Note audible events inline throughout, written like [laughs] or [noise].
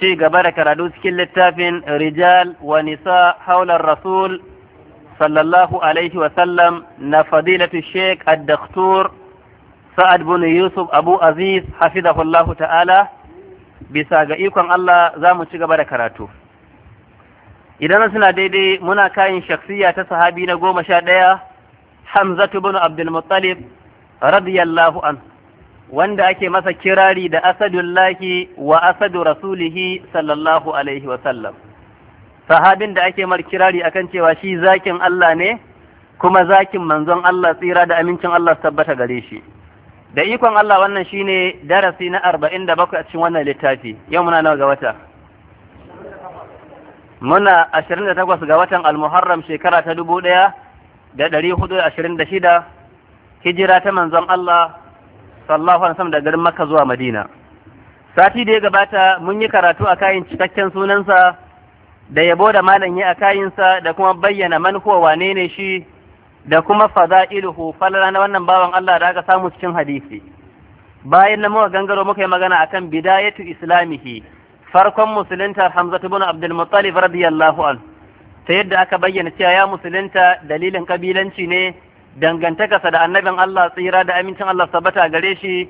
ci gaba da karatu cikin littafin rijal wa nisa haular rasul sallallahu alaihi wasallam na fadilatu sheik addaktur sa'ad bin yusuf abu aziz hafizahullahu ta'ala bisa ga ikon Allah za mu ci gaba da karatu idan suna daidai muna kayin shaksiya ta sahabi na goma sha ɗaya hamzatu bin abdulmuttalib radiyallahu anhu wanda ake masa kirari da asadullahi wa asadu rasulihi sallallahu alaihi wasallam sahabin da ake mar kirari akan cewa shi zakin Allah ne kuma zakin manzon Allah tsira da amincin Allah tabbata gare shi da ikon Allah wannan shine darasi na arba'in a cikin wannan littafi yau muna nawa ga wata muna ashirin da ga watan al-muharram shekara ta dubu ɗaya da hijira ta manzon Allah sallallahu alaihi wasallam daga garin Makka zuwa Madina sati da ya gabata mun yi karatu a kayan cikakken sunansa da yabo da malam ya a kayinsa da kuma bayyana man ko wane ne shi da kuma fada'iluhu falala na wannan bawan Allah da aka samu cikin hadisi bayan na muka gangaro muka yi magana akan bidayatu islamihi farkon musulunta Hamza ibn Abdul Muttalib radiyallahu an ta yadda aka bayyana cewa ya musulunta dalilin kabilanci ne dangantakarsa da annabin Allah tsira da amincin Allah sabata gare shi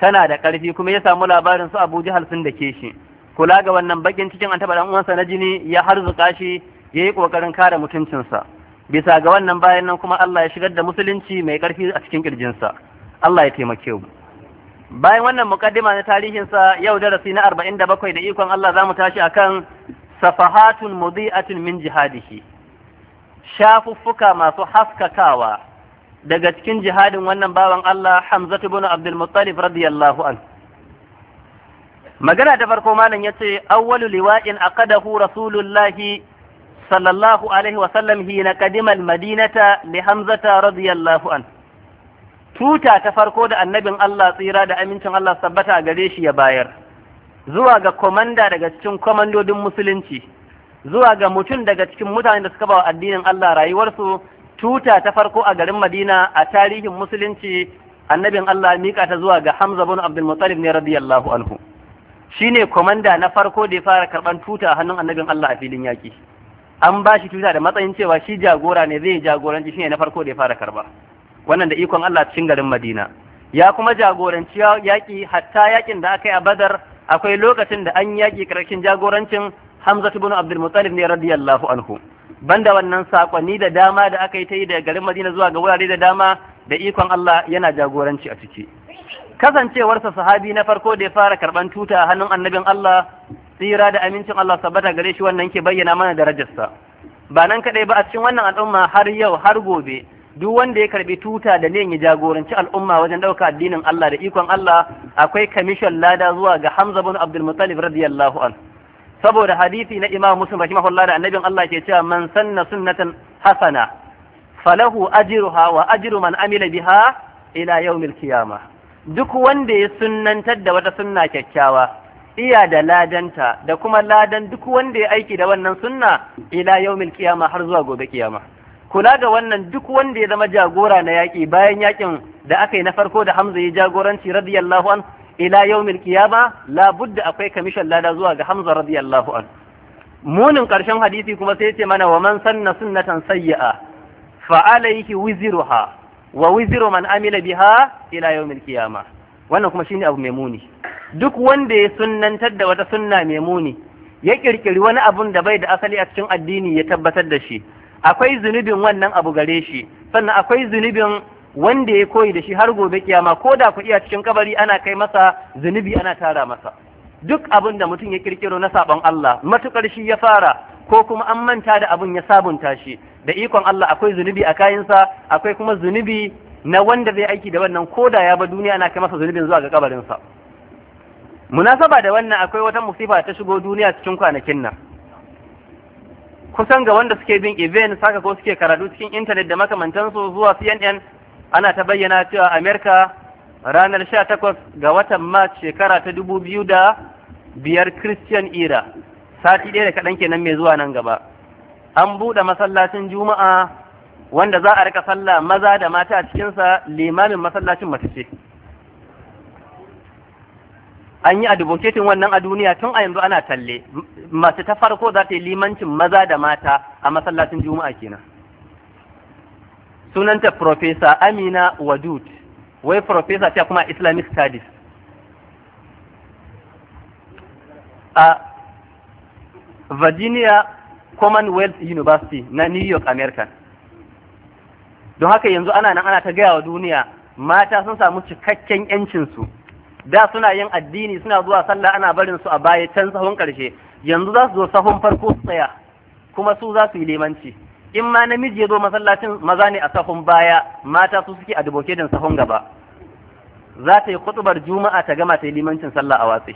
tana da ƙarfi kuma ya samu labarin su Abu Jahal sun dake shi kula ga wannan bakin cikin an taɓa dan uwansa na jini ya harzuka shi ya yi ƙoƙarin kare mutuncinsa bisa ga wannan bayan nan kuma Allah ya shigar da musulunci mai ƙarfi a cikin ƙirjinsa Allah ya taimake mu bayan wannan mukaddima na tarihinsa yau darasi na arba'in da bakwai da ikon Allah za mu tashi akan safahatun mudi'atun min jihadihi shafuffuka masu haskakawa daga cikin jihadin wannan bawan Allah Hamza ibn Abdul Muttalib radiyallahu an magana ta farko malam yace awwalu liwa'in aqadahu rasulullahi sallallahu alaihi wa sallam hina qadima al-madinata li Hamzata radiyallahu an tuta ta farko da annabin Allah tsira da amincin Allah sabbata gare shi ya bayar zuwa ga komanda daga cikin komandodin musulunci zuwa ga mutum daga cikin mutanen da suka ba addinin Allah rayuwarsu tuta ta farko a garin Madina a tarihin musulunci annabin Allah mika ta zuwa ga Hamza bin Abdul Muttalib ne radiyallahu anhu shine komanda na farko da ya fara karban tuta a hannun annabin Allah a filin yaki an ba shi tuta da matsayin cewa shi jagora ne zai jagoranci shine na farko da ya fara karba wannan da ikon Allah cikin garin Madina ya kuma jagoranci yaki hatta yakin da aka yi a Badar akwai lokacin da an yaki karkashin jagorancin Hamza bin Abdul Muttalib ne radiyallahu anhu banda wannan sakonni da dama da aka yi ta yi da garin Madina zuwa ga wurare da dama da ikon Allah yana jagoranci a ciki kasancewarsa sahabi na farko da ya fara karban tuta a hannun annabin Allah tsira da amincin Allah sabbata gare shi wannan ke bayyana mana darajarsa ba nan kaɗai ba a cikin wannan al'umma har yau har gobe duk wanda ya karɓi tuta da ne ya jagoranci al'umma wajen ɗauka addinin Allah da ikon Allah akwai kamishin lada zuwa ga Hamza bin Abdul Muttalib radiyallahu anhu saboda hadisi na imam muslim Allah da annabin Allah ke cewa man sanna sunnatan hasana falahu ajruha wa ajru man amila biha ila yawmil qiyamah duk wanda ya sunnantar da wata sunna kyakkyawa iya da ladanta da kuma ladan duk wanda ya aiki da wannan sunna ila yawmil qiyama har zuwa gobe kiyama kula ga wannan duk wanda ya zama jagora na yaki bayan yakin da aka yi na farko da Hamza ya jagoranci radiyallahu an ila yawmil qiyama la budda akwai kamishan lada zuwa ga Hamza radiyallahu an munin karshen hadisi kuma sai ce mana wa man sanna sunnatan sayyi'a fa alayhi wizruha wa wizru man amila biha ila yawmil qiyama wannan kuma shine abu mai muni duk wanda ya sunnantar da wata sunna mai muni ya kirkiri wani abun da bai da asali a cikin addini ya tabbatar da shi akwai zunubin wannan abu gare shi sannan akwai zunubin wanda ya koyi da shi har gobe kiyama ko da ku iya cikin kabari ana kai masa zunubi ana tara masa duk abin da mutum ya kirkiro na sabon Allah matukar shi ya fara ko kuma an manta da abin ya sabunta shi da ikon Allah akwai zunubi a kayansa akwai kuma zunubi na wanda zai aiki da wannan ko da ya ba duniya ana kai masa zunubin zuwa ga kabarinsa munasaba da wannan akwai wata musifa ta shigo duniya cikin kwanakin nan kusan ga wanda suke bin event saka ko suke karatu cikin intanet da makamantansu zuwa CNN ana ta bayyana cewa amerika ranar sha 18 ga watan mars shekara ta dubu biyu da biyar christian era sati ɗaya da kaɗan kenan mai zuwa nan gaba an buɗe masallacin juma'a wanda za a rika sallah maza da mata a cikinsa limamin masallacin mace ce an yi advocating wannan a duniya tun a yanzu ana talle mace ta farko za ta yi limancin maza da mata a masallacin juma'a kenan sunanta Profesa Amina Wadud wai profesa ta kuma Islamic Studies a Virginia Commonwealth University na New York America don haka yanzu ana nan ana ta gaya wa duniya mata sun samu cikakken yancinsu da suna yin addini suna zuwa sallah ana barin su a baya can sahun ƙarshe. yanzu za su zo sahun farko tsaya kuma su za su yi limanci in ma namiji ya zo masallacin maza ne a sahun baya mata su suke duboke din sahun gaba za ta yi kutubar juma'a ta gama ta yi limancin sallah a watsi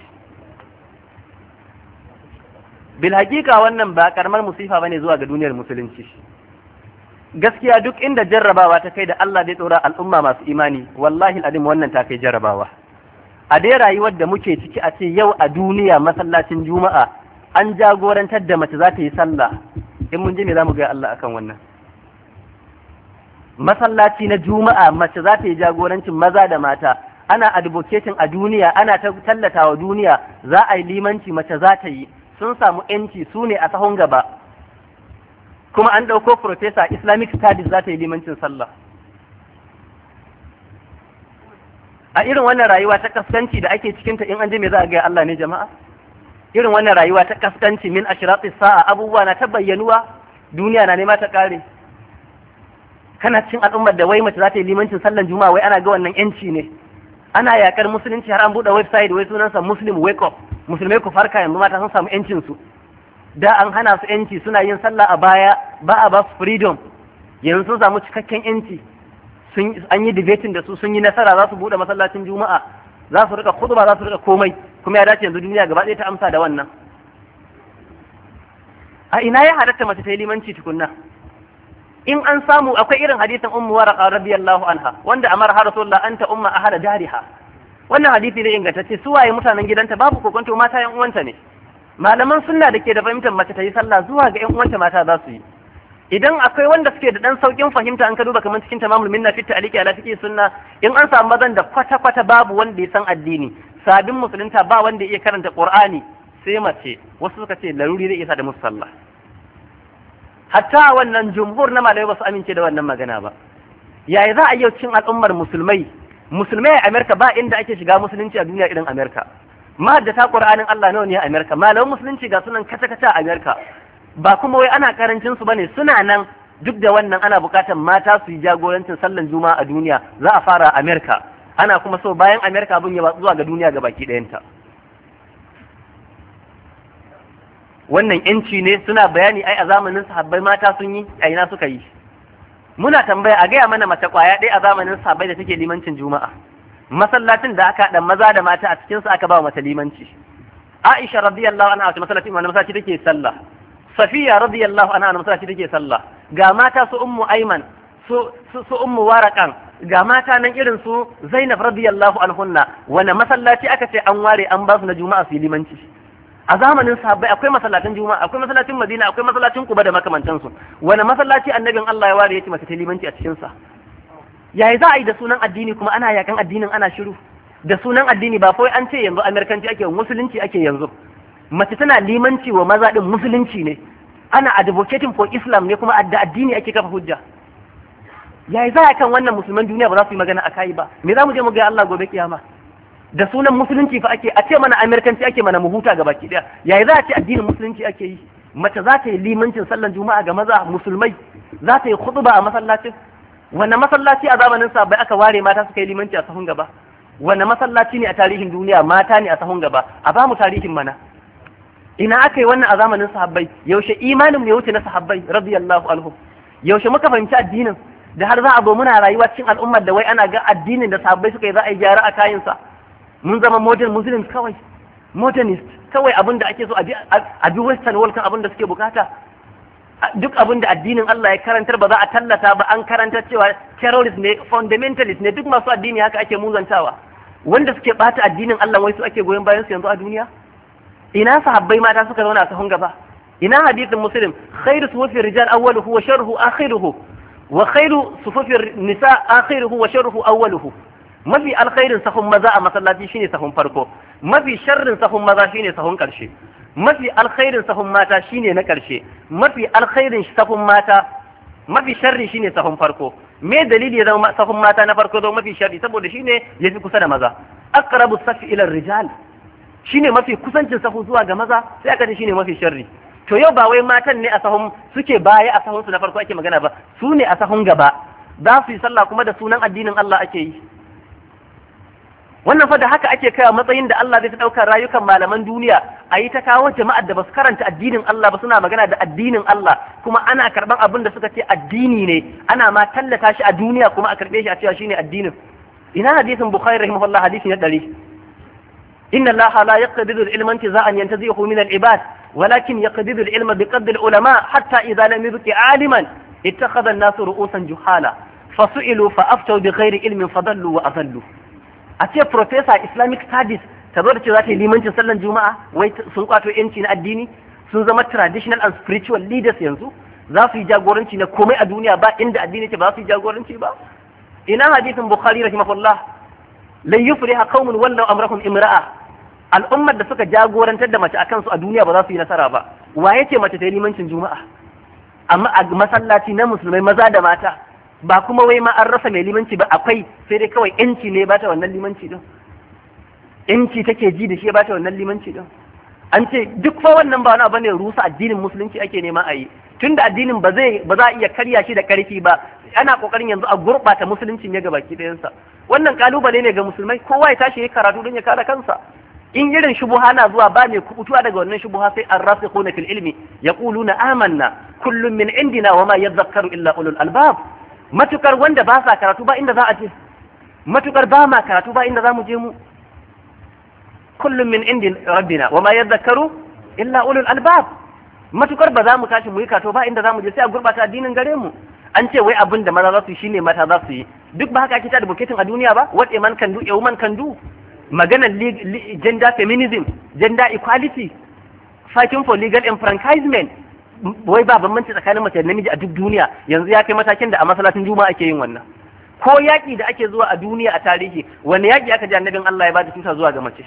bil hakika wannan ba karamar musifa bane zuwa ga duniyar musulunci gaskiya duk inda jarrabawa ta kai da Allah zai tsora al'umma masu imani wallahi al'adim wannan ta kai jarrabawa a dai rayuwar da muke ciki a ce yau a duniya masallacin juma'a an jagorantar da mace za ta yi sallah in mun ji me mu gaya Allah akan wannan masallaci na juma'a mace za ta yi jagorancin maza da mata ana advocating a duniya ana tallata wa duniya za a yi limanci mace za ta yi sun samu yanci su ne a sahun gaba kuma an ɗauko professor islamic studies za ta yi limancin sallah a irin wannan rayuwa ta kaskanci da ake cikinta in an ji me za a gaya Allah ne jama'a irin wannan rayuwa ta kaskanci min a ashirati sa'a abubuwa na ta bayyanuwa duniya na nema ta kare kana cin al'ummar da wai mace za ta yi limancin sallan juma'a wai ana ga wannan yanci ne ana yakar musulunci har an buɗe website wai sunansa muslim wake up musulmai ku farka yanzu mata sun samu yancin su da an hana su yanci suna yin sallah a baya ba a ba su freedom yanzu sun samu cikakken yanci an yi debating da su sun yi nasara za su buɗe masallacin juma'a za su rika kuduba za su rika komai kuma ya dace yanzu duniya gaba ɗaya ta amsa da wannan a ina ya halatta mace ta yi limanci tukunna in an samu akwai irin hadisin ummu raqa radiyallahu anha wanda amara rasulullah anta umma ahla dariha wannan hadisi ne ce su waye mutanen gidanta babu kokonto mata yan uwanta ne malaman sunna da ke da fahimtar mace ta yi sallah zuwa ga yan uwanta mata za su yi idan akwai wanda suke da dan saukin fahimta an ka duba kamar cikin tamamul minna fit ta'liqi ala fiqi sunna in an samu mazan da kwata kwata babu wanda ya san addini sabin musulunta ba wanda ya karanta qur'ani sai mace wasu suka ce laruri zai isa da musu sallah hatta wannan jumhur na malamai ba su amince da wannan magana ba yaya za a yau cin al'ummar musulmai musulmai a Amerika ba inda ake shiga musulunci a duniya irin Amerika ma da ta Qur'anin Allah nawa ne a Amerika Malamin musulunci ga sunan kata kata a Amerika ba kuma wai ana karancin su bane suna nan duk da wannan ana bukatar mata su yi jagorancin sallan juma'a a duniya za a fara a amerika ana kuma so bayan amerika abin ya zuwa ga duniya ga baki ɗayanta wannan yanci ne suna bayani ai a zamanin sahabbai mata sun yi a suka yi muna tambaya a gaya mana mace kwaya ɗaya a zamanin sahabbai da take limancin juma'a masallacin da aka dan maza da mata a cikinsu aka ba mata limanci Aisha radiyallahu anha wata masallacin wanda masallaci take sallah safiya radiyallahu anha masallaci take sallah ga mata su ummu aiman su su ummu warakan ga mata nan irin su zainab radiyallahu anhunna wani masallaci aka ce an ware an ba su na juma'a su limanci a zamanin sahabbai akwai masallacin juma'a akwai masallacin madina akwai masallacin kuba da makamantansu wani masallaci annabin Allah ya ware yace mace ta limanci a cikin sa yayi za a yi da sunan addini kuma ana yakan addinin ana shiru da sunan addini ba kawai an ce yanzu amerikanci ake musulunci ake yanzu mace tana limanci wa maza din musulunci ne ana advocating for islam ne kuma da addini ake kafa hujja yayi za a kan wannan musulman duniya ba za su yi magana a akai ba me za mu je mu ga Allah gobe kiyama da sunan musulunci fa ake a ce mana amerikanci ake mana mu huta ga baki daya yayi za a ce addinin musulunci ake yi mace za ta yi limancin sallan juma'a ga maza musulmai za ta yi khutba a masallacin wanne masallaci a zamanin sa bai aka ware mata suka yi limanci a sahun gaba wanne masallaci ne a tarihin duniya mata ne a sahun gaba a ba mu tarihin mana ina aka yi wannan a zamanin sahabbai yaushe imanin ya wuce na sahabbai radiyallahu anhu yaushe muka fahimci addinin da har za a zo muna rayuwa cikin al'ummar da wai ana ga addinin da sahabbai suka yi za a yi gyara a kayansa mun zama modern muslims kawai modernist kawai abin da ake so a bi western world kan abin da suke bukata duk abin da addinin Allah ya karantar ba za a tallata ba an karantar cewa terrorist ne fundamentalist ne duk masu addini haka ake muzantawa wanda suke bata addinin Allah wai su ake goyon bayan su yanzu a duniya ina sahabbai mata suka zauna a sahun gaba ina hadithin muslim khairu sufufi rijal awwaluhu wa sharruhu akhiruhu wa khairu sufufi nisa akhiruhu wa sharruhu awwaluhu mafi alkhairin sahun maza a masallaci shine sahun farko mafi sharrin sahun maza shine sahun karshe mafi alkhairin sahun mata shine na karshe mafi alkhairin sahun mata mafi sharri shine sahun farko me dalili ya zama sahun mata na farko zama mafi sharri saboda shine yafi kusa da maza aqrabu safi ila rijal shine mafi kusancin sahu zuwa ga maza sai aka ce shine mafi sharri to yau ba wai matan ne a sahun suke baya a sahun na farko ake magana ba su ne a sahun gaba za su yi sallah kuma da sunan addinin Allah ake yi wannan fa da haka ake kaiwa matsayin da Allah zai ta ɗaukar rayukan malaman duniya a yi ta kawo jama'ar da ba su karanta addinin Allah ba suna magana da addinin Allah kuma ana karɓar abin da suka ce addini ne ana ma tallata shi a duniya kuma a karɓe shi a cewa ne addinin ina hadisin bukhari rahimahullah hadisi na ɗari إن الله لا يقبض العلم انتزاعا ينتزعه من العباد ولكن يقبض العلم بقبض العلماء حتى إذا لم يبق عالما اتخذ الناس رؤوسا جهالا فسئلوا فأفتوا بغير علم فضلوا وأضلوا أتي بروفيسور إسلاميك ستاديز تزور تزور limancin sallan juma'a wai sun kwato yanci na addini sun zama traditional and spiritual leaders yanzu za su yi jagoranci na komai a duniya ba inda addini ce ba su yi jagoranci ba ina hadisin bukhari rahimahullah lan yufliha qaumun wallaw amrahum imra'a al'ummar da suka jagorantar da mace a kansu a duniya ba za su yi nasara ba wa ce mace ta yi limancin juma'a amma a masallaci na musulmai maza da mata ba kuma wai ma an rasa mai limanci ba akwai sai dai kawai yanci ne ba ta wannan limanci din yanci take ji da shi ba ta wannan limanci din an ce duk fa wannan ba wani abu ne rusa addinin musulunci ake nema a yi tunda addinin ba zai ba za a iya karya shi da karfi ba ana kokarin yanzu a gurbata musuluncin ya gabaki dayansa wannan kalubale ne ga musulmai kowa ya tashi ya karatu don ya kare kansa in irin shubuha na zuwa ba mai kubutuwa daga wannan shubuha sai an rasu kone fil ilmi ya na amanna kullum min indina wa ma yadhakkaru illa ulul albab matukar wanda ba sa karatu ba inda za a je matukar ba ma karatu ba inda za mu je mu kullum min indi rabbina wa ma yadhakkaru illa ulul albab matukar ba za mu tashi mu yi kato ba inda za mu je sai a gurbata addinin gare mu an ce wai abin da maza za su yi shine mata za su yi duk ba haka ake ta da buketin a duniya ba what a man can do a woman can do maganar gender feminism gender equality fighting for legal enfranchisement wai ba bambanci tsakanin mace da namiji a duk duniya yanzu ya kai matakin da a masallacin juma'a ake yin wannan ko yaƙi da ake zuwa a duniya a tarihi wani yaƙi aka ji annabin Allah ya bada tuta zuwa ga mace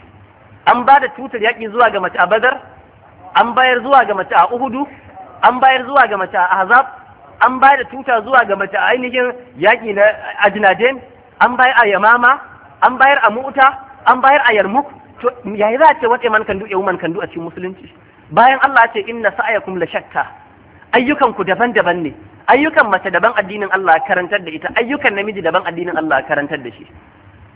an bada tutar yaƙi zuwa ga mace a Badar an bayar zuwa ga mace a Uhudu an bayar zuwa ga mace a Ahzab an bayar da tuta zuwa ga mace a ainihin yaƙi na ajinajen, an bayar a Yamama an bayar a Mu'ta an bayar a yarmuk to yayi za a ce wace man kandu yau man kandu a cikin musulunci bayan Allah ya ce inna sa'ayakum la shakka ayyukan ku daban-daban ne ayyukan mace daban addinin Allah karantar da ita ayyukan namiji daban addinin Allah karantar da shi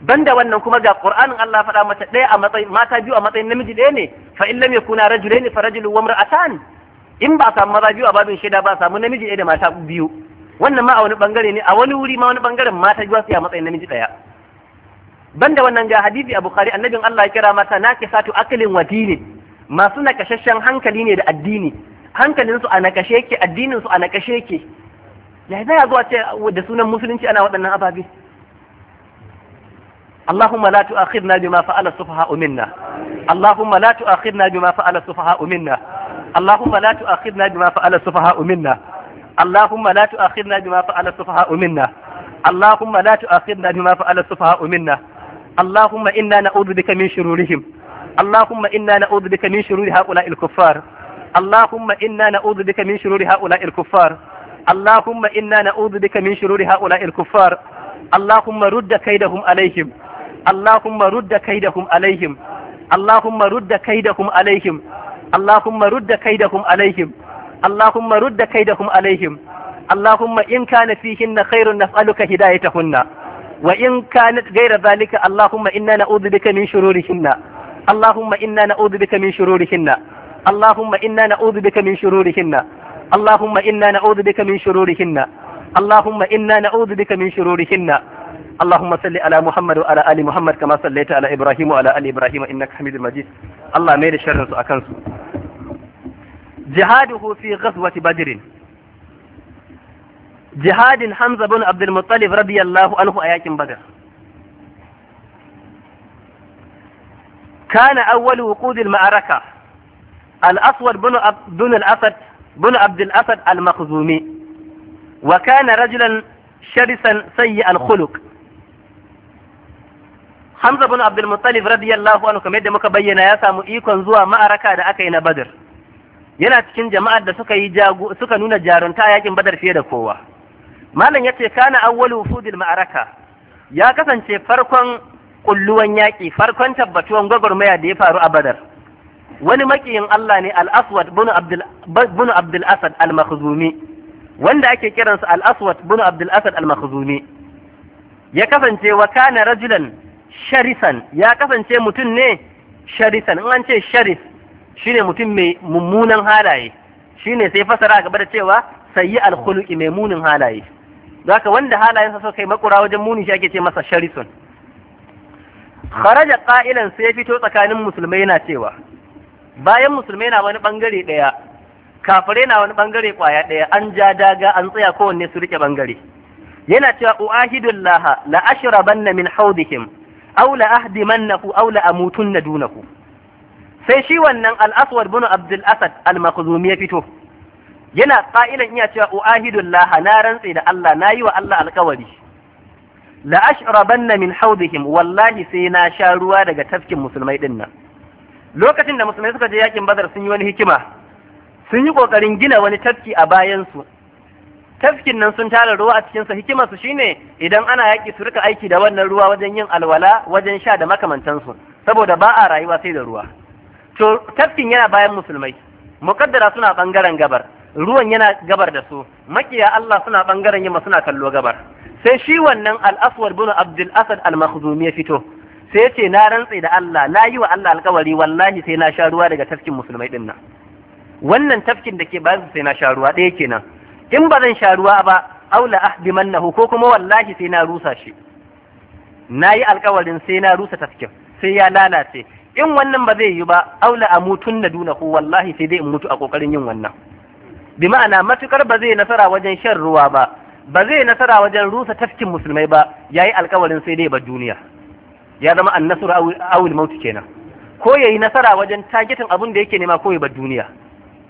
banda wannan kuma ga Qur'anin Allah faɗa mace ɗaya a matsayin mata biyu a matsayin namiji ɗaya ne fa in lam yakuna rajulaini fa rajulun wa imra'atan in ba samu maza biyu a babin shaida ba samu namiji ɗaya da mata biyu wannan ma a wani bangare ne a wani wuri ma wani bangaren mata biyu su a matsayin namiji ɗaya banda wannan ga hadisi a bukhari annabin Allah ya kira mata nakisatu aklin wa dinin masu nakashashen hankali ne da addini hankalin su a nakashe yake addinin su a nakashe yake ya za a zuwa ce da sunan musulunci ana waɗannan ababe اللهم لا تؤاخذنا بما فعل السفهاء منا اللهم لا تؤاخذنا بما فعل السفهاء منا اللهم لا تؤاخذنا بما فعل السفهاء منا اللهم لا تؤاخذنا بما فعل السفهاء منا اللهم لا تؤاخذنا بما فعل السفهاء منا Allahumma inna na'udhu bika min shururihim Allahumma inna na'udhu bika min shururi haula'il Allahumma inna na'udhu bika min shururi haula'il Allahumma inna na'udhu bika min shururi haula'il kuffar Allahumma rudda kaidahum alaihim Allahumma rudda kaidahum alaihim Allahumma rudda kaidahum alaihim Allahumma rudda kaidahum alaihim Allahumma rudda kaidahum alaihim Allahumma in kana fihinna khairun nas'aluka hidayatahunna wa in kanat gaira zalika Allahumma inna na'udhu bika min shururihinna Allahumma inna na'udhu bika min shururihinna Allahumma inna na'udhu bika min shururihinna Allahumma inna na'udhu bika min shururihinna Allahumma inna na'udhu bika min اللهم صل على محمد وعلى ال محمد كما صليت على ابراهيم وعلى ال ابراهيم انك حميد مجيد الله مير شرن su akan su jihaduhu fi ghazwati jihadin Hamza bin Abdul Muttalib radiyallahu anhu a yakin Badar كان أول وقود المعركة الأسود bin Abdul الأسد al عبد wa المخزومي وكان رجلا شرسا al الخلق Hamza bin Abdul Muttalib radiyallahu anhu kamar yadda muka bayyana ya samu ikon zuwa ma'araka da aka yi na Badar. Yana cikin jama'ar da suka yi suka nuna jarunta yakin Badar fiye da kowa. malam yace kana awwalu wufudil ma'araka ya kasance farkon kulluwan yaƙi farkon tabbatuwan gwagwarmaya da ya faru a badar wani makiyin Allah ne al-aswad bin abdul asad al-makhzumi wanda ake kiransa al-aswad bin abdul asad al-makhzumi ya kasance wa kana rajulan sharisan ya kasance mutum ne sharisan in an ce sharis shine mutum mai mummunan halaye shine sai fasara gaba da cewa sayyi al-khuluqi mai munin halaye zaka wanda halayensa suka kai makura wajen muni shi ake ce masa sharisun kharaja qa'ilan sai ya fito tsakanin musulmai na cewa bayan musulmai na wani bangare ɗaya, kafirai na wani bangare kwaya ɗaya. an ja daga an tsaya kowanne su rike ɓangare. yana cewa uahidullah la ashrabanna min hawdihim aw la ahdimannahu aw la amutunna dunahu sai shi wannan al-aswad bin abdul asad al-makhzumi ya fito yana ƙa'ilan iya cewa u'ahidun laha na rantse da Allah na yi wa Allah alkawari la na min haudihim wallahi sai na sha ruwa daga tafkin musulmai ɗin nan lokacin da musulmai suka je yakin badar sun yi wani hikima sun yi ƙoƙarin gina wani tafki a bayansu tafkin nan sun tara ruwa a cikinsa su shine idan ana yaƙi su rika aiki da wannan ruwa wajen yin alwala wajen sha da makamantansu saboda ba a rayuwa sai da ruwa to tafkin yana bayan musulmai muƙaddara suna ɓangaren gabar ruwan yana gabar da su makiya Allah suna bangaren yamma suna kallo gabar sai shi wannan al-aswad bin abdul asad al-makhzumi ya fito sai yace na rantse da Allah na yi wa Allah alkawari wallahi sai na sha ruwa daga tafkin musulmai din nan wannan tafkin da ke bayansu sai na sha ruwa ɗaya kenan in ba zan sha ruwa ba aula ahdimannahu ko kuma wallahi sai na rusa shi na yi alkawarin sai na rusa tafkin sai ya lalace in wannan ba zai yi ba aula a mutun na duna ko wallahi sai dai in mutu a kokarin yin wannan bi ma'ana matukar ba zai nasara wajen shan ruwa ba ba zai nasara wajen rusa tafkin musulmai ba yayi alkawarin sai dai ba duniya ya zama annasur awil mautu kenan ko yayi nasara wajen tagetin abin da yake nema ko ya ba duniya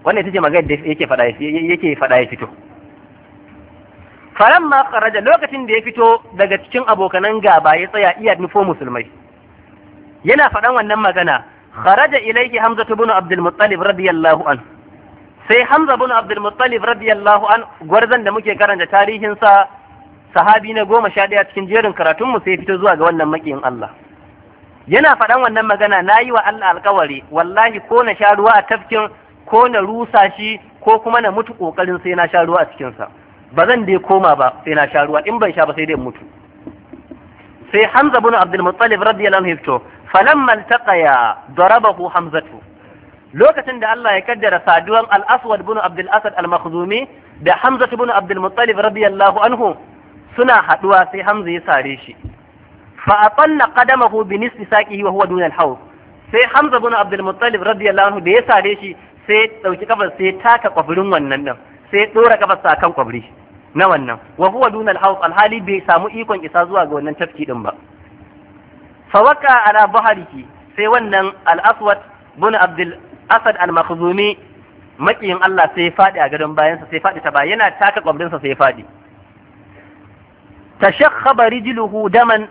wannan ita ce magana da yake fada yake faɗa ya fito falamma kharaja lokacin da ya fito daga cikin abokanan gaba ya tsaya iya nufo musulmai yana faɗan wannan magana kharaja ilayhi hamzatu ibn abdul muttalib radiyallahu anhu sai Hamza bin Abdul Muttalib radiyallahu an gwarzan da muke karanta tarihin sa sahabi na goma sha ɗaya cikin jerin karatun mu sai fito zuwa ga wannan makiyin Allah yana faɗan wannan magana na yi wa Allah alkawari wallahi ko na sha ruwa a tafkin ko na rusa shi ko kuma na mutu ƙoƙarin sai na sha ruwa a cikinsa ba zan dai koma ba sai na sha ruwa in ban sha ba sai dai mutu sai Hamza bin Abdul Muttalib radiyallahu anhu fito falamma altaqaya darabahu Hamzatu lokacin da Allah ya kaddara saduwan al-aswad bin abdul asad al-makhzumi da hamza bin abdul muttalib radiyallahu anhu suna haduwa sai hamza ya sare shi fa atalla qadamahu bi nisfi saqihi wa huwa dun al-hawd sai hamza bin abdul muttalib radiyallahu anhu da ya sare shi sai dauki kafar sai taka kwabirin wannan din sai dora kafar sa kan kwabri na wannan wa huwa dun al-hawd al-hali bai samu ikon isa zuwa ga wannan tafki din ba fa waka ala bahariki sai wannan al-aswad bin abdul asad al-makhzumi makiyin Allah sai ya faɗi a gadon bayansa sai faɗi ta baya yana taka kwamdinsa sai ya faɗi tashakhaba rijluhu daman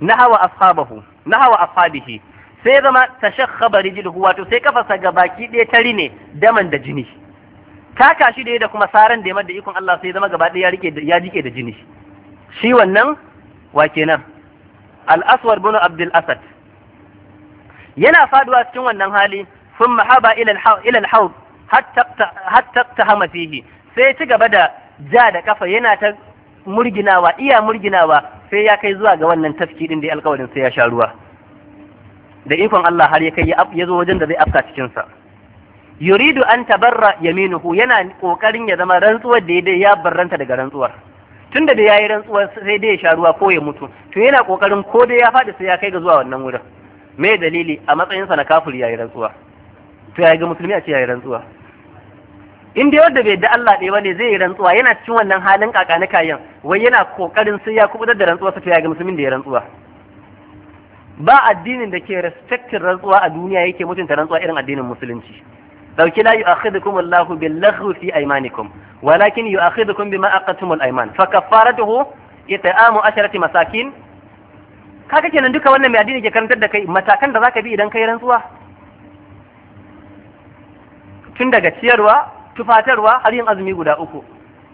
nahawa ashabahu nahawa ashabihi sai zama tashakhaba rijluhu wato sai kafarsa ga baki ɗaya tari ne daman da jini taka shi da da kuma saran da ya da ikon Allah sai zama gaba ɗaya ya jike da jini shi wannan wa kenan al-aswar bin abdul asad yana faduwa cikin wannan hali ثم حبى الى الحوض حتى اقتهم فيه sai ci gaba da ja da kafa yana ta murginawa iya murginawa sai ya kai zuwa ga wannan tafki din da alƙawarin sai ya sha ruwa da ikon Allah har ya kai ya zo wajen da zai afka cikin sa yuridu an tabarra yaminuhu yana kokarin ya zama rantsuwar da dai ya barranta daga rantsuwar tunda da yayi rantsuwar sai dai ya sha ruwa ko ya mutu to yana kokarin ko dai ya faɗi sai ya kai ga zuwa wannan wurin me dalili a matsayinsa na kafir yayi rantsuwa to ya ga musulmi a ce ya yi rantsuwa in dai wanda bai da Allah ɗaya wani zai yi rantsuwa yana cikin wannan halin kakani kayan wai yana kokarin sai ya kubutar da rantsuwa sai to ya ga musulmin da ya rantsuwa ba addinin da ke respectin rantsuwa a duniya yake mutunta rantsuwa irin addinin musulunci dauki la yu'akhidukum Allahu bil laghwi fi aymanikum walakin yu'akhidukum bima aqatumul ayman fa kaffaratuhu it'amu asharati masakin kaga kenan duka wannan mai addini ke karantar da kai matakan da zaka bi idan kai rantsuwa tun daga ciyarwa tufatarwa har yin azumi guda uku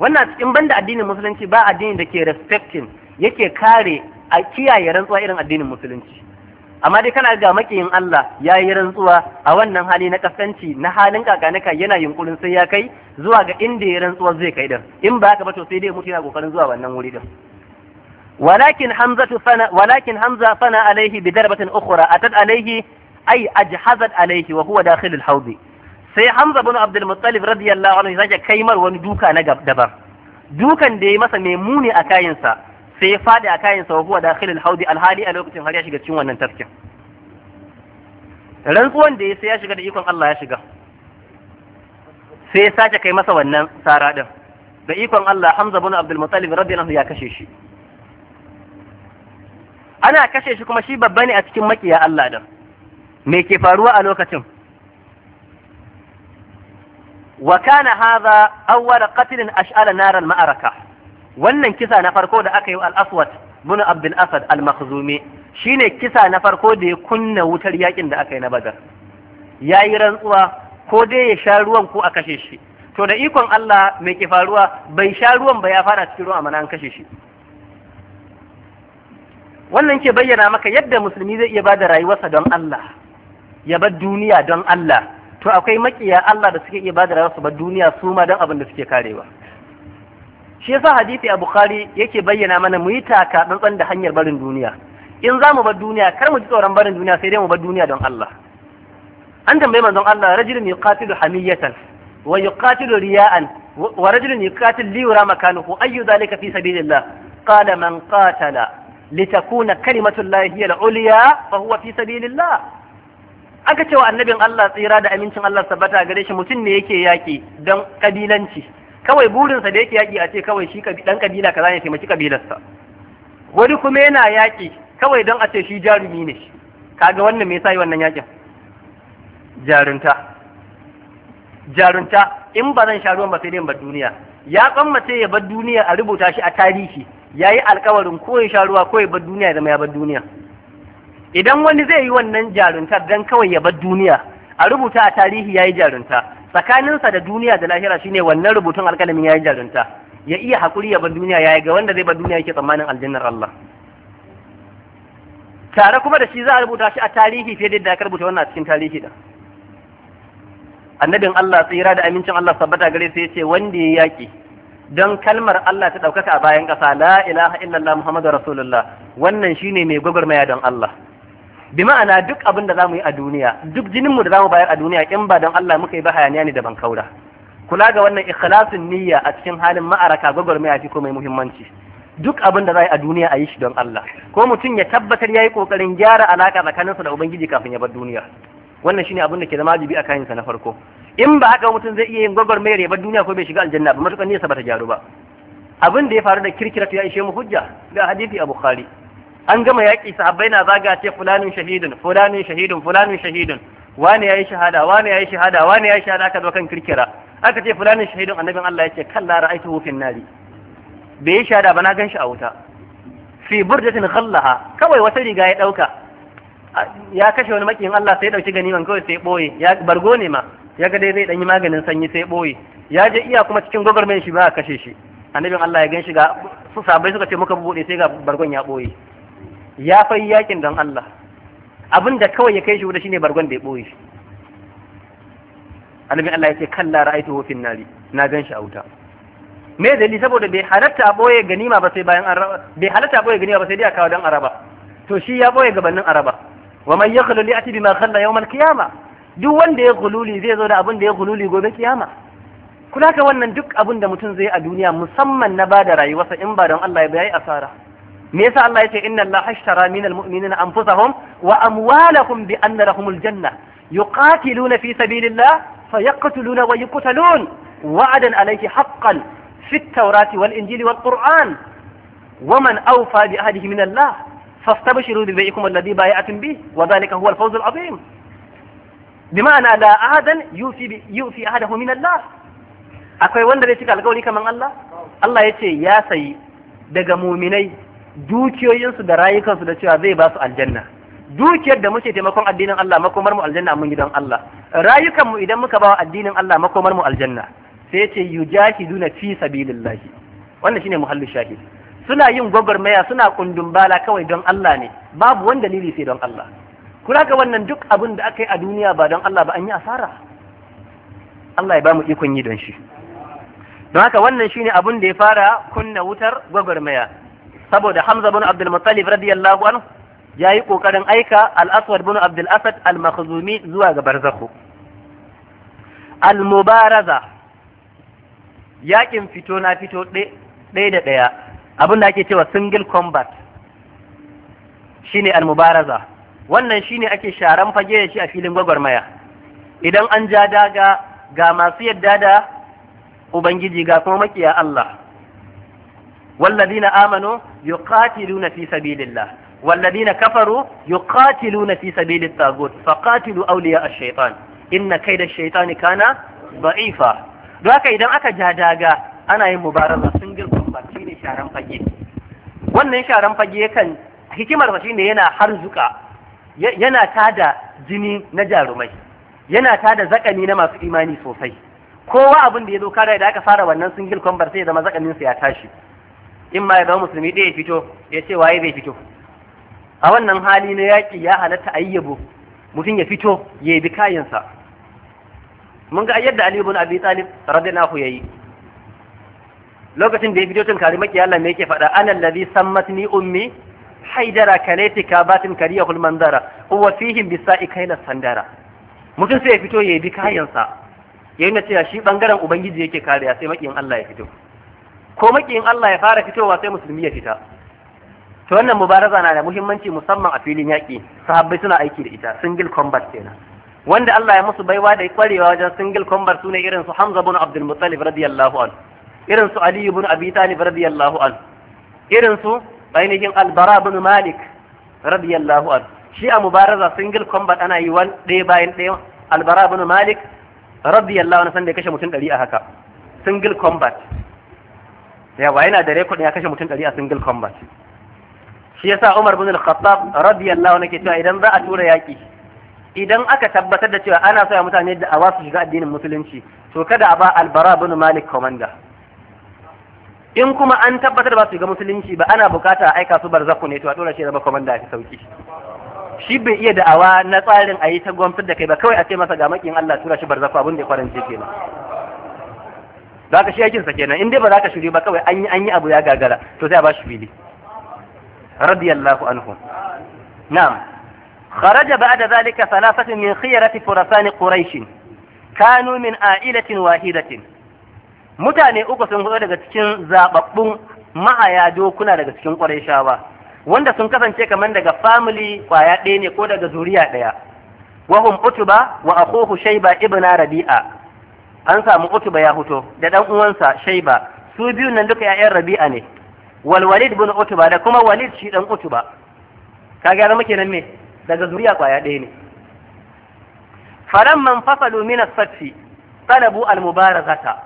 wannan cikin banda addinin musulunci ba addini da ke respecting yake kare a kiyaye rantsuwa irin addinin musulunci amma dai kana ga makiyin Allah ya yi rantsuwa a wannan hali na kasanci na halin kakanaka yana yunkurin sai ya kai zuwa ga inda ya rantsuwa zai kai din in ba haka ba to sai dai mutu yana kokarin zuwa wannan wuri din walakin hamza fana walakin hamza fana alaihi bi darbatin ukhra atat alaihi ay ajhazat alaihi wa huwa dakhil al sai hamza bin abdul muttalib radiyallahu anhu kai mar wani duka na daban dukan da yayi masa mai muni a kayansa sai ya fadi a kayansa wa huwa dakhilul haudi alhali a lokacin har ya shiga cikin wannan tafkin rantsuwan da ya sai ya shiga da ikon Allah ya shiga sai ya sace kai masa wannan sara din da ikon Allah Hamza bin Abdul Muttalib radiyallahu anhu ya kashe shi ana kashe shi kuma shi babba ne a cikin makiya Allah din me ke faruwa a lokacin wa kana hadha awwal qatlin ash'ala nar al ma'araka wannan kisa na farko da aka yi al aswad bin al asad al makhzumi shine kisa na farko da ya kunna wutar yakin da aka yi na badar yayi rantsuwa ko dai ya sha ruwan ko a kashe shi to da ikon Allah mai ke faruwa bai sha ruwan ba ya fara cikin ruwa amma an kashe shi wannan ke bayyana maka yadda musulmi zai iya bada rayuwarsa don Allah ya bar duniya don Allah to akwai makiya Allah da suke iya bada rayuwarsu ba duniya su ma don abin da suke karewa shi yasa hadisi a bukhari yake bayyana mana mu yi taka tsantsan da hanyar barin duniya in za mu bar duniya kar mu ji tsoron barin duniya sai dai mu bar duniya don Allah an tambaye manzon Allah rajulun yuqatilu hamiyatan wa yuqatilu riya'an wa rajulun yuqatilu li yura makanuhu ayyu dhalika fi sabilillah qala man qatala litakuna kalimatu hiya al-ulya fa huwa fi sabilillah aka cewa annabin Allah tsira da amincin Allah sabbata gare shi mutum ne yake yaƙi don kabilanci kawai burinsa da yake yaƙi a ce kawai shi ɗan kabila kaza ne taimaki kabilarsa wani kuma yana yaƙi kawai don a ce shi jarumi ne kaga wannan me yasa yi wannan yaƙin? jarunta jarunta in ba zan sha ruwan ba sai dai bar duniya ya kammace ya bar duniya a rubuta shi a tarihi yayi alkawarin ko ya sha ruwa ko ya bar duniya da ya bar duniya idan wani zai yi wannan jaruntar don kawai ya bar duniya a rubuta a tarihi ya yi jarunta tsakaninsa da duniya da lahira shine wannan rubutun alƙalamin yi jarunta ya iya haƙuri ya bar duniya ya yi ga wanda zai bar duniya yake tsammanin aljannar Allah tare kuma da shi za a rubuta shi a tarihi fiye da yadda aka rubuta wannan a cikin tarihi da annabin Allah tsira da amincin Allah sabbata gare sai ce wanda ya yaƙi don kalmar Allah ta ɗaukaka a bayan ƙasa la ilaha illallah Muhammadu Rasulullah wannan shine mai gwagwarmaya don Allah bi ma'ana duk abin da za mu yi a duniya duk jinin mu da mu bayar a duniya in ba don Allah muka yi ba hayaniya ne da ban kaura kula ga wannan ikhlasin niyya a cikin halin ma'araka yafi ko mai muhimmanci duk abin da za a duniya a yi shi don Allah ko mutum ya tabbatar ya yi kokarin gyara alaka tsakaninsa da ubangiji kafin ya bar duniya wannan shine abin da ke zama wajibi a kayansa na farko in ba haka mutum zai iya yin gwagwarmayar ya bar duniya ko bai shiga aljanna ba matukan nesa ba ta gyaru ba abin da ya faru da kirkira ya ishe mu hujja ga hadisi a bukhari an gama yaƙi sahabbai na zaga ce fulanin shahidun, fulanin shahidun, fulanin shahidun. wani yayi shahada wani yayi shahada wani yayi shahada aka zo kan kirkira aka ce fulanin shahidun annabin Allah yake kalla ra'aytuhu fin nari bai yi shahada ba na ganshi a wuta fi burdatin khallaha kawai wata riga ya dauka ya kashe wani makiyin Allah sai ya dauki ganiman kawai sai boye ya bargo ne ma ya ga dai zai danyi yi maganin sanyi sai boye ya je iya kuma cikin gogormen shi ba kashe shi annabin Allah ya ganshi ga su sabai suka ce muka bude sai ga bargon ya boye ya fai yakin don Allah abin da kawai ya kai shi wuta shine bargon da ya ɓoye shi annabi Allah ya ce kalla ra'aytuhu fin nari na gan shi a wuta me dalili saboda bai halatta a ɓoye ganima ba sai bayan araba bai halatta a ganima ba sai dai a kawo dan araba to shi ya ɓoye gabanin araba wa man yakhlu li ati bima khalla yawm al kiyama, duk wanda ya kululi zai zo da abin da ya kululi gobe kiyama kula ka wannan duk abin da mutum zai a duniya musamman na bada rayuwarsa in ba don Allah ya bayi asara me yasa Allah yace inna Allah hashtara min almu'minina anfusahum wa amwalahum bi anna lahumul janna yuqatiluna fi sabilillah fayaqtuluna wa yuqtalun wa'adan alayhi haqqan fi at-taurati wal injili wal qur'an wa man awfa bi min Allah ومن أوفى بعهده من الله فاستبشروا ببيعكم الذي بايعتم به وذلك هو الفوز العظيم la ahadan yufi bi yufi عهده min Allah akwai wanda zai cika alƙawari kaman Allah Allah yace ya sayi daga muminai dukiyoyinsu da rayukansu da cewa zai ba su aljanna dukiyar da muke taimakon addinin Allah makomar mu aljanna mun gidan Allah rayukan mu idan muka ba addinin Allah makomar mu aljanna sai ce yujahiduna fi sabilillahi wannan shine muhallin shahid suna yin gwagwarmaya suna kundun bala kawai don Allah ne babu wanda lili sai don Allah kula ga wannan duk abin da aka yi a duniya ba don Allah ba an yi asara Allah ya ba mu ikon yi don shi don haka wannan shine abin da ya fara kunna wutar gwagwarmaya saboda Hamza bin Abdul Muttalib radiyallahu anhu yayi kokarin aika al-Aswad bin Abdul Asad al-Makhzumi zuwa ga Barzakhu al-Mubaraza yakin fito na fito ɗaya da ɗaya abinda ake cewa single combat shine al-Mubaraza wannan shine ake sharan fage da shi a filin gwagwarmaya idan an ja daga ga masu yadda da ubangiji ga kuma makiya Allah والذين آمنوا يقاتلون في سبيل الله والذين كفروا يقاتلون في سبيل الطاغوت فقاتلوا أولياء الشيطان إن كيد الشيطان كان ضعيفا دوكا إذا أكا جاداغا أنا مبارزة سنجل كومبات شارم فجي wannan sharan fage yakan hikimar shi ne yana harzuka yana tada jini na jarumai yana tada zakani na masu imani sosai kowa abin da ya zo kare da aka fara wannan singil kwambar sai ya zama zakanin sa ya tashi in ma ya zama musulmi ɗaya ya fito ya ce waye zai fito a wannan hali na yaƙi ya halatta a yabo mutum ya fito ya bi kayansa mun ga yadda Aliyu ibn Abi Talib ya yi. lokacin da ya fito tun kare maki Allah me yake faɗa ana allazi sammatni ummi haidara kalaiti kabatin kariyahul manzara huwa fihim bisa'i kaina sandara mutum sai ya fito ya bi kayansa yayin da cewa shi bangaren ubangiji yake kariya sai makiyin Allah ya fito ko makiyin Allah ya fara fitowa sai musulmi ya fita to wannan mubaraza na da muhimmanci musamman a filin yaƙi sahabbai suna aiki da ita single combat kenan wanda Allah ya musu baiwa da kwarewa wajen single combat sune irin su Hamza bin Abdul Muttalib radiyallahu an irin su Ali bin Abi Talib radiyallahu an irin su ainihin Al-Bara bin Malik radiyallahu an shi a mubaraza single combat ana yi wan ɗaya bayan ɗaya Al-Bara bin Malik radiyallahu an san da kashe mutum ɗari a haka single combat yawa yana da rekod ya kashe mutum ɗari a single combat shi yasa Umar bin Al-Khattab radiyallahu anhu ke cewa idan za a tura yaki idan aka tabbatar da cewa ana so ya mutane da awa su shiga addinin musulunci to kada a ba Al-Bara bin Malik commander in kuma an tabbatar ba su shiga musulunci ba ana bukata a aika su barzaku ne to a tura shi zama commander shi sauki shi bai iya da'awa na tsarin a yi ta gwamnati da kai ba kawai a ce masa ga makin Allah tura shi barzaku abin da ya kwarance kenan za ka shi aikin kenan in ba za ka shirya ba kawai an yi an yi abu ya gagara to sai a shi fili radiyallahu anhu na'am kharaja ba'da zalika thalathatun min khiyarati furasan quraish kanu min a'ilatin wahidatin mutane uku sun fito daga cikin zababbun mahaya dokuna daga cikin qurayshawa wanda sun kasance kamar daga family kwaya ɗaya ne ko daga zuriya ɗaya wahum utuba wa akhuhu shayba ibna rabi'a an samu utuba ya fito da dan uwansa shaiba su biyu nan duka 'ya'yan rabi'a ne wal walid bin utuba da kuma walid shi dan utuba ka ran muke nan me daga zuriya kwaya ɗaya ne man fasalu min as-safi talabu al-mubarazata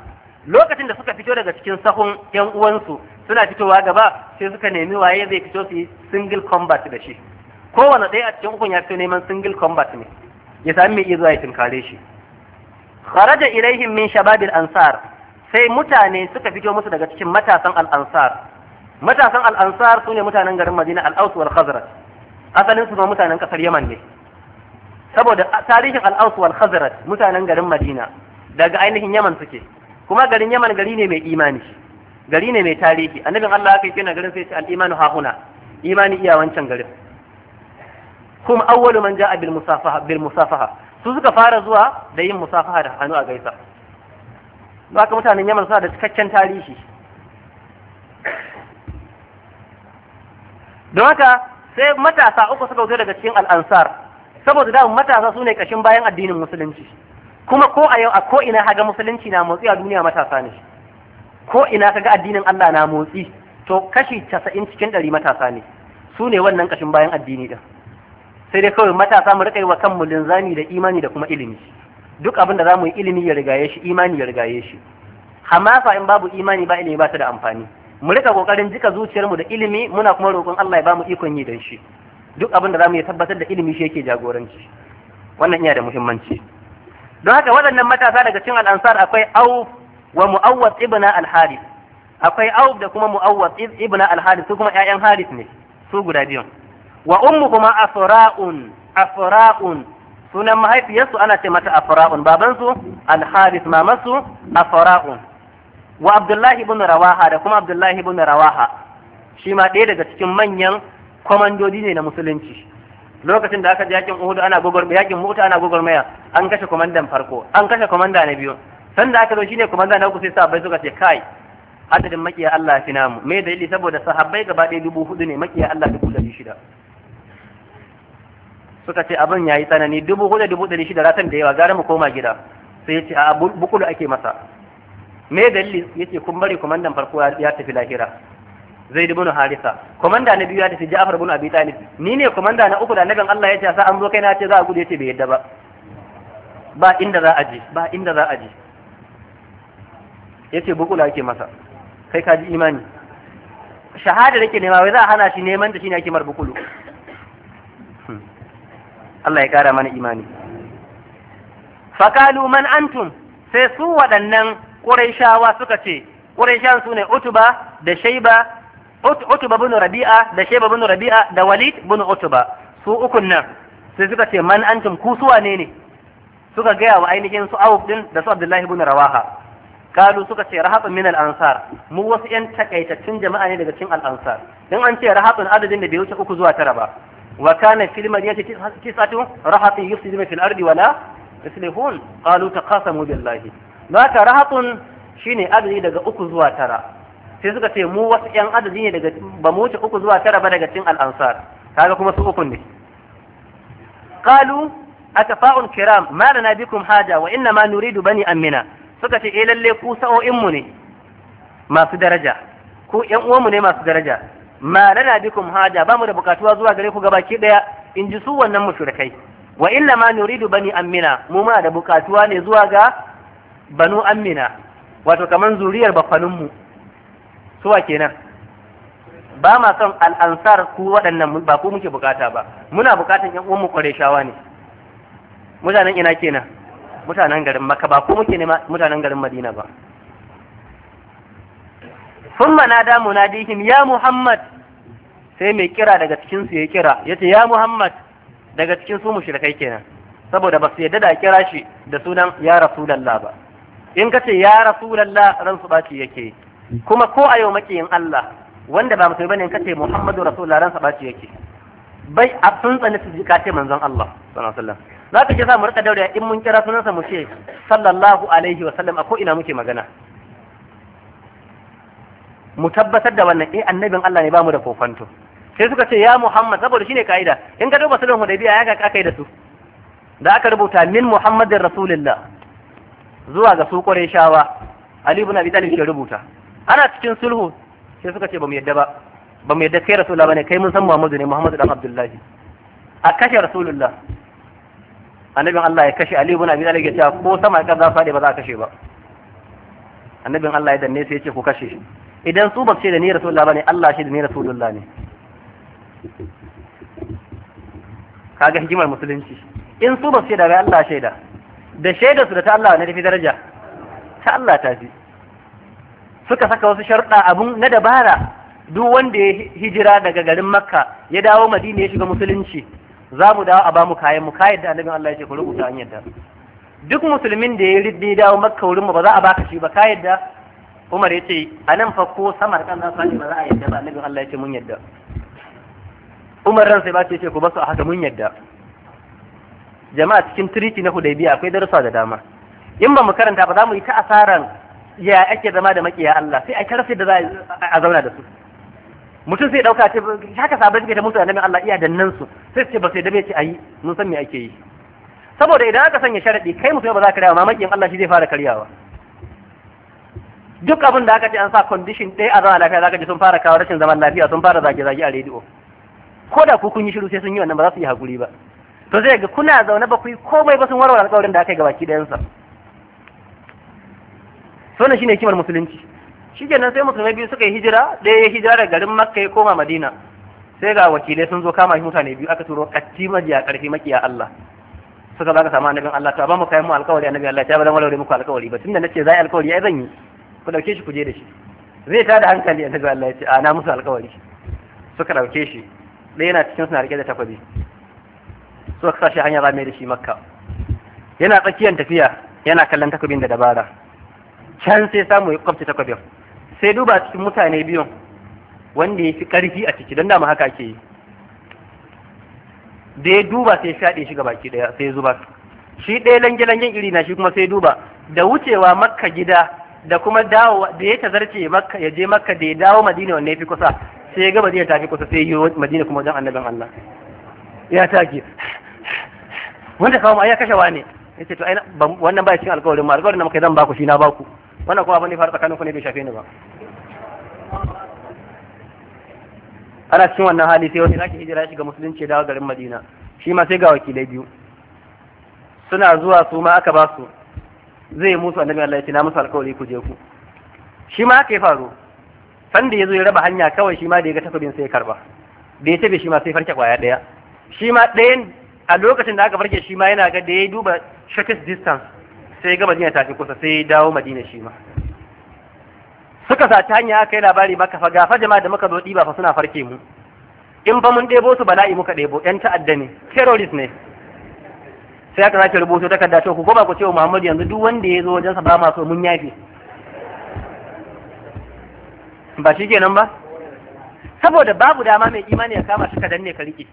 lokacin da suka fito daga cikin sahun yan uwansu suna fitowa gaba sai suka nemi waye zai fito su yi single combat da shi kowane ɗaya a cikin ukun ya fito neman single combat ne ya sami mai iya zuwa ya tinkare shi kharaja ilaihim min shababil ansar sai mutane suka fito musu daga cikin matasan al-ansar matasan al-ansar sune mutanen garin Madina al-Aws wal Khazraj asalin su mutanen kasar Yaman ne saboda tarihin al-Aws wal Khazraj mutanen garin Madina daga ainihin Yaman suke kuma garin Yaman gari ne mai imani gari ne mai tarihi annabin Allah ya kai na garin sai ya ce al-imanu hahuna imani iya wancan garin kuma awwalu man ja'a bil musafaha bil musafaha su suka fara zuwa da yin musafaha da hannu a gaisa ba ka mutanen yaman suna da cikakken tarihi don haka sai matasa uku suka wuce daga cikin al'ansar saboda da matasa su ne kashin bayan addinin musulunci kuma ko a yau a ko ina haga musulunci na motsi a duniya matasa ne ko ina ga addinin Allah na motsi to kashi casa'in cikin ɗari matasa ne su ne wannan kashin bayan addini din sai dai kawai matasa mu rika yi wa kanmu linzami da imani da kuma ilimi duk abin da za mu yi ilimi ya rigaye shi imani ya rigaye shi hamasa in babu imani ba ilimi ba ta da amfani mu rika kokarin jika mu da ilimi muna kuma roƙon Allah ya ba mu ikon yi dan shi duk abin da za mu yi tabbatar da ilimi shi yake jagoranci wannan yana da muhimmanci don haka waɗannan matasa daga cikin al'ansar akwai au wa mu'awwad ibn al-harith akwai au da kuma mu'awwad ibn al-harith su kuma ƴaƴan harith ne su guda biyu wa ummu kuma afra'un afra'un sunan mahaifiyarsu ana ce mata afra'un babansu al-haris mamansu afra'un wa abdullahi ibn rawaha da kuma abdullahi ibn rawaha shi ma ɗaya daga cikin manyan komandodi ne na musulunci lokacin da aka ji yakin uhudu ana gogor yakin mota ana gogormaya an kashe komandan farko an kashe komanda na biyu sanda aka zo shine komanda na uku sai sahabbai suka ce kai adadin makiya Allah ya fi namu me dalili saboda sahabbai gaba ɗaya dubu hudu ne makiya Allah dubu ɗari shida suka ce abin yayi tsanani dubu hudu dubu ɗari shida ratan da yawa gara mu koma gida sai ya ce a bukulu ake masa me dalili ya ce kun bari kwamandan farko ya tafi lahira zai dubu harisa kwamanda na biyu ya tafi ja'afar bin abi talib ni ne kwamanda na uku da annabin allah ya ce sa an zo kai na ce za a gudu ya ce bai yadda ba ba inda za a je ba inda za a je ya ce bukulu ake masa kai ka ji imani shahada da ke nema wai za a hana shi neman da shi ne ake mar bukulu Allah ya ƙara mana imani fakalu man antum sai su waɗannan ƙurayshawa suka ce ƙurayshan su ne utuba da shaiba utuba bin rabi'a da shaiba bin rabi'a da walid bin utuba su ukun nan sai suka ce man antum ku su wane ne suka gaya wa ainihin su awuf din da su abdullahi bin rawaha kalu suka ce rahatun min al'ansar mu wasu yan takaitattun jama'a ne daga cin al'ansar in an ce rahatun adadin da bai wuce uku zuwa tara ba وكان في المدينة تسعة رهط يفسدون في الأرض ولا يصلحون قالوا تقاسموا بالله ذاك رهط shine adadi daga uku zuwa tara sai suka ce mu wasu ƴan adadi ne daga ba mu wuce uku zuwa tara ba daga cikin al'ansar kaga kuma su uku ne qalu atafa'un kiram ma lana bikum haja wa inna ma nuridu bani amina suka ce eh lalle ku sa'o'in mu ne masu daraja ku ƴan uwan mu ne masu daraja ma lana bikum hada ba mu da bukatuwa zuwa gare ku gabaki daya in ji su wannan mushrikai wa illa ma nuridu bani amina mu muna da bukatuwa ne zuwa ga banu amina wato kaman zuriyar bafanin mu suwa kenan ba ma son al'ansar ku waɗannan ba ku muke bukata ba muna bukatan yan uwan mu qurayshawa ne mutanen ina kenan mutanen garin makka ba ku muke ne mutanen garin madina ba damu na munadihim ya muhammad sai mai kira daga cikin su ya kira ya ce ya muhammad daga cikin su mushrikai kenan saboda ba su yadda da kira shi da sunan ya lalla ba in kace ya rasulullah ran su baci yake kuma ko a yau makiyin Allah wanda ba ba bane in kace muhammadu rasulullah ran su baci yake bai a sun tsani su ka ce manzon Allah sallallahu alaihi wasallam za ka ce za mu rika daure in mun kira sunansa mu ce sallallahu alaihi wasallam a ko ina muke magana mu tabbatar da wannan eh annabin Allah ne bamu da kofanto sai suka ce ya Muhammad saboda shine kaida in ka duba sunan Hudaybiya ya ka kai da su da aka rubuta min Muhammadin Rasulullah zuwa ga su Qurayshawa Ali ibn Abi Talib ke rubuta ana cikin sulhu sai suka ce bamu yadda ba bamu yadda kai Rasulullah bane kai mun san Muhammadu ne Muhammadu dan Abdullahi a kashe Rasulullah annabin Allah ya kashe Ali ibn Abi Talib ya ce ko sama ka za fade ba za a kashe ba annabin Allah ya danne sai ya ce ku kashe shi idan su ba ce da ni rasulullah bane Allah shi da ni rasulullah ne kaga hikimar musulunci in su ba su shaida Allah shaida da shaida su da ta Allah ne tafi daraja ta Allah ta fi suka saka wasu sharuɗa abun na dabara duk wanda ya hijira daga garin Makka ya dawo Madina ya shiga musulunci za mu dawo a ba mu kayan mu kayan da annabin Allah ya ce ku rubuta an yadda duk musulmin da ya riddi dawo Makka wurin mu ba za a baka shi ba kayan da Umar ya ce a nan fa ko samar kan za su ba za a yadda ba annabin Allah ya ce mun yadda Umar ran sai ba ce ku basu a haka mun yadda jama'a cikin tiriti na Hudaybiya akwai darussa da dama in ba mu karanta ba za mu yi ta asaran ya ake zama da makiya Allah sai a karfe da za a zauna da su mutum sai dauka ce haka sabon suke ta mutu annabin Allah iya dannan su sai su ce ba sai da bai ce ayi mun san me ake yi saboda idan aka sanya sharadi kai mutum ba za ka karyawa mamakin Allah shi zai fara karyawa duk abin da aka ce an sa condition ɗaya a zama lafiya zaka ji sun fara kawo rashin zaman lafiya sun fara zage-zage a rediyo ko da ku kun yi shiru sai sun yi wannan ba za su yi hakuri ba to zai ga kuna zaune ba ku yi komai ba sun warware alƙawarin da aka yi gabaki sa Sona shine kimar musulunci shikenan sai musulmai biyu suka yi hijira ɗaya ya hijira daga garin makka ya koma madina sai ga wakilai sun zo kama shi mutane biyu aka turo maji a ƙarfi makiya Allah suka ba ka samu annabin Allah to ba mu kai mu alƙawari annabi Allah ya ba dan warware muku alƙawari ba tunda nace zai alƙawari ai zan yi ku dauke shi ku je da shi zai ta da hankali annabi Allah ya ce a na musu alƙawari suka dauke shi ɗaya yana cikin suna rike da takwabi suka sa shi hanyar za da shi makka yana tsakiyar tafiya yana kallon takwabin da dabara can sai samu ya kwamce takwabin sai duba cikin mutane biyun wanda ya fi ƙarfi a ciki don dama haka ke yi da ya duba sai shaɗe shi baki ɗaya sai zuba shi ɗaya lange-langen iri na shi kuma sai duba da wucewa makka gida da kuma dawo da ya tazarce makka ya je makka da ya dawo madina wanne ya fi kusa sai ya ga madina ta fi kusa sai ya yi madina kuma wajen annabin allah ya take wanda kawo ma ya kashe wane? ne ya ce to ai wannan ba cikin alkawarin ma alkawarin da muka zan baku shi na baku wannan kuma abin da faru tsakanin ku ne bai shafe ni ba ana cikin wannan hali sai wani zaki hijira ya shiga musulunci ya dawo garin madina shi ma sai ga wakilai biyu suna zuwa su ma aka ba su zai musu annabi Allah ya ce na musu alƙawari ku je ku shi ma haka ya faru sanda ya zo ya raba hanya kawai shi ma da ya ga takobin sai ya karba da ya tabe shi ma sai farke kwaya daya shi ma ɗayan a lokacin da aka farke shi ma yana ga da ya duba shortest distance sai ya ga madina ta fi kusa sai ya dawo madina shi ma suka saci hanya aka yi labari maka fa gafa jama'a da muka zo ɗiba fa suna farke mu in ba mun ɗebo su bala'i muka ɗebo 'yan ta'adda ne terrorist ne sai aka sake rubuto takarda to ku ko ba ku wa Muhammad yanzu duk wanda ya zo wajen sa ba ma so mun yafe ba shi kenan ba saboda babu dama mai imani ya kama shi ka danne ka rike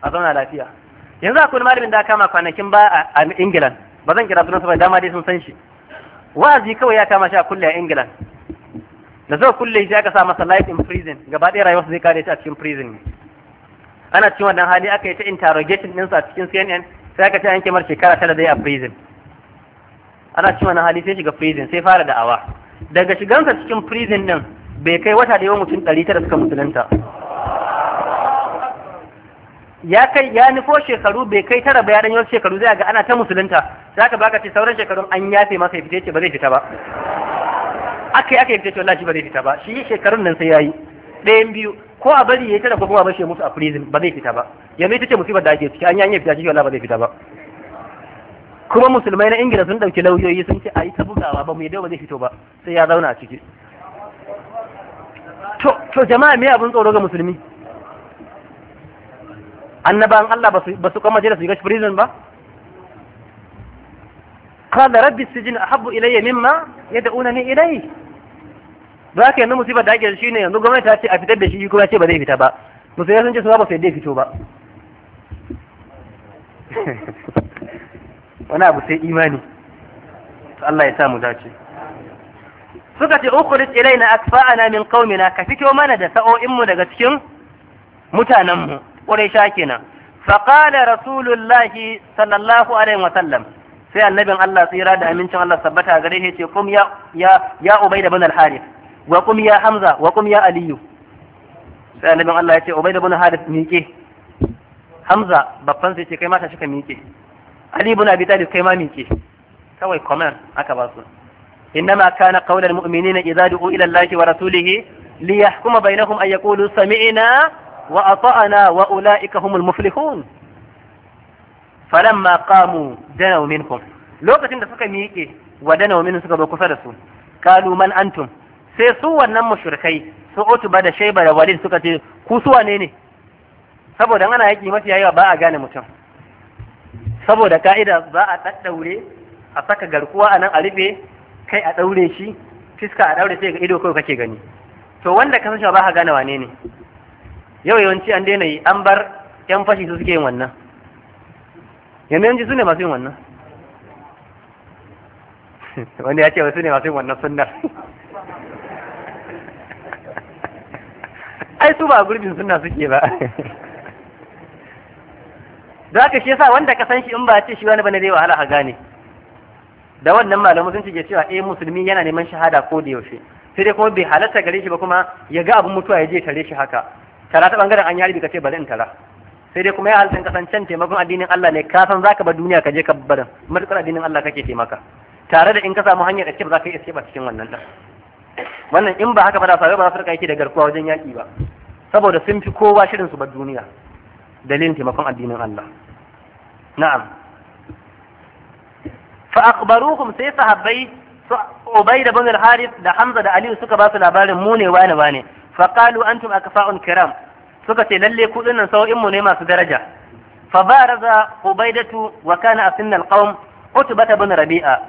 a zauna lafiya yanzu akwai malamin da kama kwanakin ba a England ba zan kira sunansa ba dama dai sun san shi wa'azi kawai ya kama shi a kulle a England da zai kulle shi aka sa masa life in prison gaba ɗaya rayuwarsa zai kare shi a cikin prison ne ana cikin wannan hali aka yi ta interrogating ɗinsa a cikin CNN sai aka ce an kemar shekara tara dai a prison ana ci wani hali sai shiga prison sai fara da'awa daga shigansa cikin prison din bai kai wata da yawan mutum ɗari tara suka musulunta ya kai ya nufo shekaru bai kai tara ba ya dan shekaru zai ga ana ta musulunta za ka baka ce sauran shekarun an yafe masa ya fita ce ba zai fita ba Aka yi aka yi fita ce wallahi ba zai fita ba shi shekarun nan sai yayi ɗayan biyu ko a bari ya tara ko kuma bashi musu a prison ba zai fita ba ya ita ce musibar da ake ciki an yanye fita shi wallahi ba zai fita ba kuma musulmai na ingila sun dauki lauyoyi sun ce ayi ta bugawa ba mu yadda ba zai fito ba sai ya zauna a ciki to jama'a me abun tsoro ga musulmi annabawan Allah ba su kama da su ga prison ba qala rabbi sijin ahabbu ilayya mimma yad'unani ilayhi za ka yanzu musibar da ake shi ne yanzu gwamnati ta ce a fitar da shi kuma ce ba zai fita ba musulmai sun ce su ba su yadda ya fito ba [laughs] wani abu sai imani Allah ya samu dace suka ce ukhrij ilaina akfa'ana min qaumina ka fito mana da sa'o'in mu daga cikin mutanen mu quraisha kenan fa qala rasulullahi sallallahu alaihi wa sallam sai annabin Allah tsira da amincin Allah sabbata gare shi ce kum ya ya ya ubayda bin al-harith wa qum ya hamza wa qum ya aliyu sai annabin Allah ya ce ubayda ibn harith miƙe hamza babban sai ce kai ma ta shika miƙe ali ibn abi talib kai ma miƙe kawai comment aka ba su إنما كان قول المؤمنين إذا دعوا إلى الله ورسوله ليحكم بينهم أن يقولوا سمعنا وأطعنا وأولئك هم المفلحون فلما قاموا دنوا منهم لو كنت سكا ميكي ودنوا منهم سكا بكفرسوا قالوا من أنتم sai su wannan mushrikai su utuba da shaiba da walid suka ce ku su wane ne saboda ana yaki mafi yayi ba a gane mutum saboda ka'ida ba a daddaure a saka garkuwa a nan a rufe kai a daure shi fiska a daure sai ga ido kawai kake gani to wanda ka san ba ka gane wane ne yau yawanci an daina yi an bar yan fashi su suke yin wannan yanzu yanzu su ne masu yin wannan [laughs] wanda ya ce wasu ne masu yin wannan sunnar [laughs] ai su ba gurbin suna suke ba da ka shi sa wanda ka san shi in ba ce shi wani bane zai wahala ka gane da wannan malamu sun cike cewa eh musulmi yana neman shahada ko da yaushe sai dai kuma bai halatta gare shi ba kuma ya ga abin mutuwa ya je tare shi haka tara ta bangaren an yari kace bari in tara sai dai kuma ya halatta can taimakon addinin Allah ne ka san zaka ba duniya ka je ka barin matukar addinin Allah kake taimaka tare da in ka samu hanyar da ce ba za ka iya ba cikin wannan dan wannan in ba haka ba da sabai ba za su rika yake da garkuwa wajen yaƙi ba saboda sun fi kowa shirin su ba duniya dalilin taimakon addinin Allah na'am fa akbaruhum sai sahabbai su Ubayd ibn al-Harith da Hamza da Ali suka ba su labarin mu ne wani wane fa qalu antum akfa'un kiram suka ce lalle ku dinnan sau'in mu ne masu daraja fa baraza Ubaydatu wa kana asinna al-qawm utbata ibn Rabi'a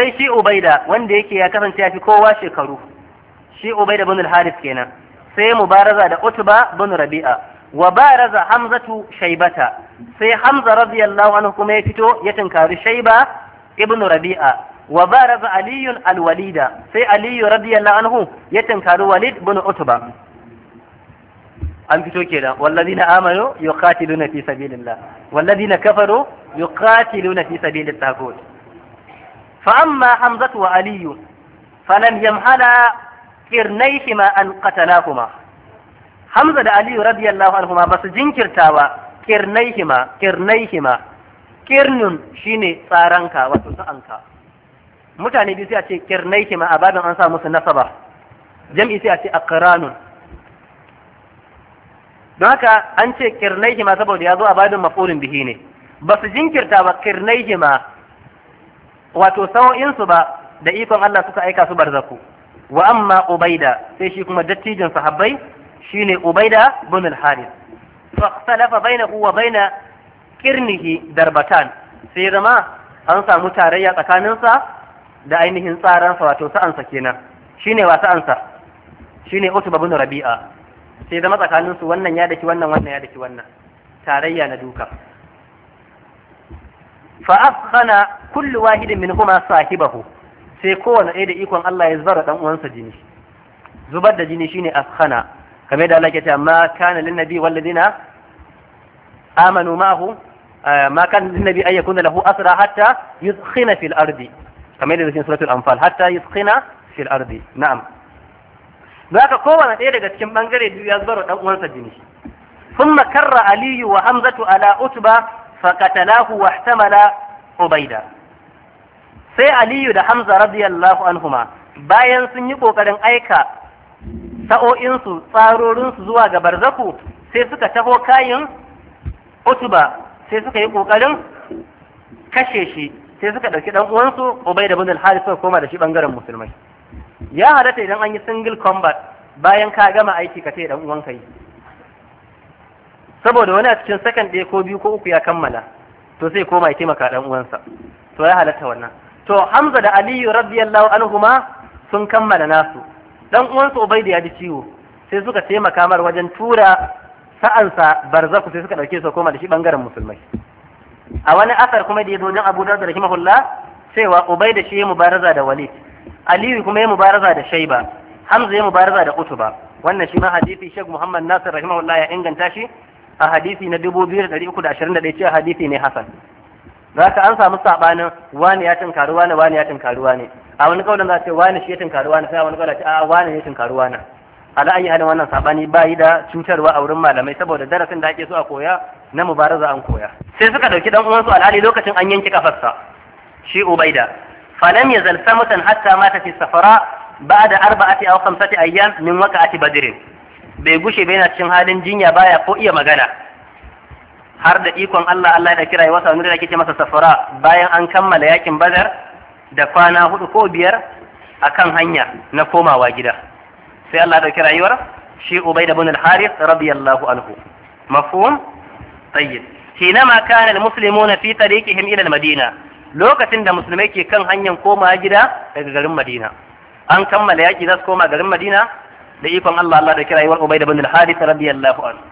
sai shi ubaida wanda yake ya kasance ya fi kowa shekaru shi ubaida bin al-harith kenan sai mubaraza da utba bin rabi'a wa baraza hamzatu shaybata sai hamza radiyallahu anhu kuma ya fito ya tinkari shayba ibn rabi'a wa baraza Aliyun al-walida sai ali radiyallahu anhu ya tinkari walid bin utba an fito kenan wallazina amanu yuqatiluna fi sabilillah wallazina kafaru yuqatiluna fi sabilit tagut فأما حمزة وعلي فلم يمهلا كرنيهما أن قتلاهما حمزة وعلي رضي الله عنهما بس جنكر تاوى كرنيهما قرنيهما شيني سارنكا وتسأنكا mutane biyu sai a ce kirnai kima a babin an sa musu nasaba jam'i sai a ce aqranun don haka an ce kirnai kima saboda ya zo a babin maf'ulin bihi ne ba su jinkirta ba kirnai kima wato sa'o'insu ba da ikon Allah suka aika su barzaku wa amma ubaida sai shi kuma dattijin sahabbai shine ubaida bin al-harith fa salafa bainahu wa baina qirnihi darbatan sai zama an samu tarayya tsakaninsa da ainihin tsaransa wato sa'ansa kenan shine wa sa'ansa shine utba bin rabi'a sai zama tsakaninsu wannan ya daki wannan wannan ya daki wannan tarayya na duka fa afkhana kullu wahidin minhuma sahibahu sai kowane ɗaya da ikon Allah ya zubar da uwansa jini zubar da jini shine afkhana kamar da Allah ya ce ma kana lin nabi wal ladina amanu ma'ahu eh, ma kana lin nabi ay yakuna lahu asra hatta yuskhina fil ardi kamar da cikin suratul anfal hatta yuskhina fil ardi na'am zaka kowane ɗaya daga cikin bangare biyu ya zubar da uwansa jini ثم كر علي وحمزة على أتبة فقتلاه واحتمل ubaida sai Aliyu da Hamza radiyallahu anhuma bayan sun yi kokarin aika sa'o'insu tsarorinsu zuwa ga barzaku sai suka taho kayan utuba sai suka yi kokarin kashe shi sai suka ɗauki ɗan uwansu Ubay da Bindul Harith suka koma da shi ɓangaren musulmai ya halatta idan an yi single combat bayan ka gama aiki ka ce ɗan uwan yi saboda wani a cikin sakan ɗaya ko biyu ko uku ya kammala to sai koma ya taimaka ɗan uwansa to ya halatta wannan to Hamza da Aliyu radiyallahu anhuma sun kammala nasu Ɗan uwansa Ubaida ya ji ciwo sai suka taimaka mar wajen tura sa'ansa barzaku sai suka ɗauke su koma da shi ɓangaren musulmai a wani asar kuma da ya zo don Abu Dawud rahimahullah cewa Ubaida shi ya mubaraza da Walid Aliyu kuma ya mubaraza da Shaiba Hamza ya mubaraza da Utuba wannan shi ma hadisi Sheikh Muhammad Nasir rahimahullah ya inganta shi a hadisi na dubu biyu da da uku ashirin 2321 ce hadisi ne hasan za ka an samu saɓanin wani ya tunkari wani wani ya tunkari wani a wani kaulan za ce wani shi ya tunkari wani sai a wani kaulan ce a wani ya tunkari wani ala ayi halin wannan saɓani ba yi da cutarwa a wurin malamai saboda darasin da ake so a koya na mubaraza an koya sai suka ɗauki ɗan uwansu alhali lokacin an yanke kafarsa shi ubaida falam yazal mutan hatta mata fi safara ba'da arba'ati aw khamsati ayyam min waqa'ati badr bai gushe bai na cikin halin jinya baya ko iya magana har da ikon Allah Allah da kira ya wasa wani yake masa safara bayan an kammala yakin bazar da kwana hudu ko biyar akan hanya na komawa gida sai Allah da kira yiwar shi ubaida bin al-harith radiyallahu anhu mafhum tayyib حينما كان yake في طريقهم إلى madina lokacin da musulmai ke kan hanyar komawa gida daga garin Madina an kammala yaki za su koma garin Madina da ikon Allah Allah da kirayewar Ubayd ibn al-Harith radiyallahu anhu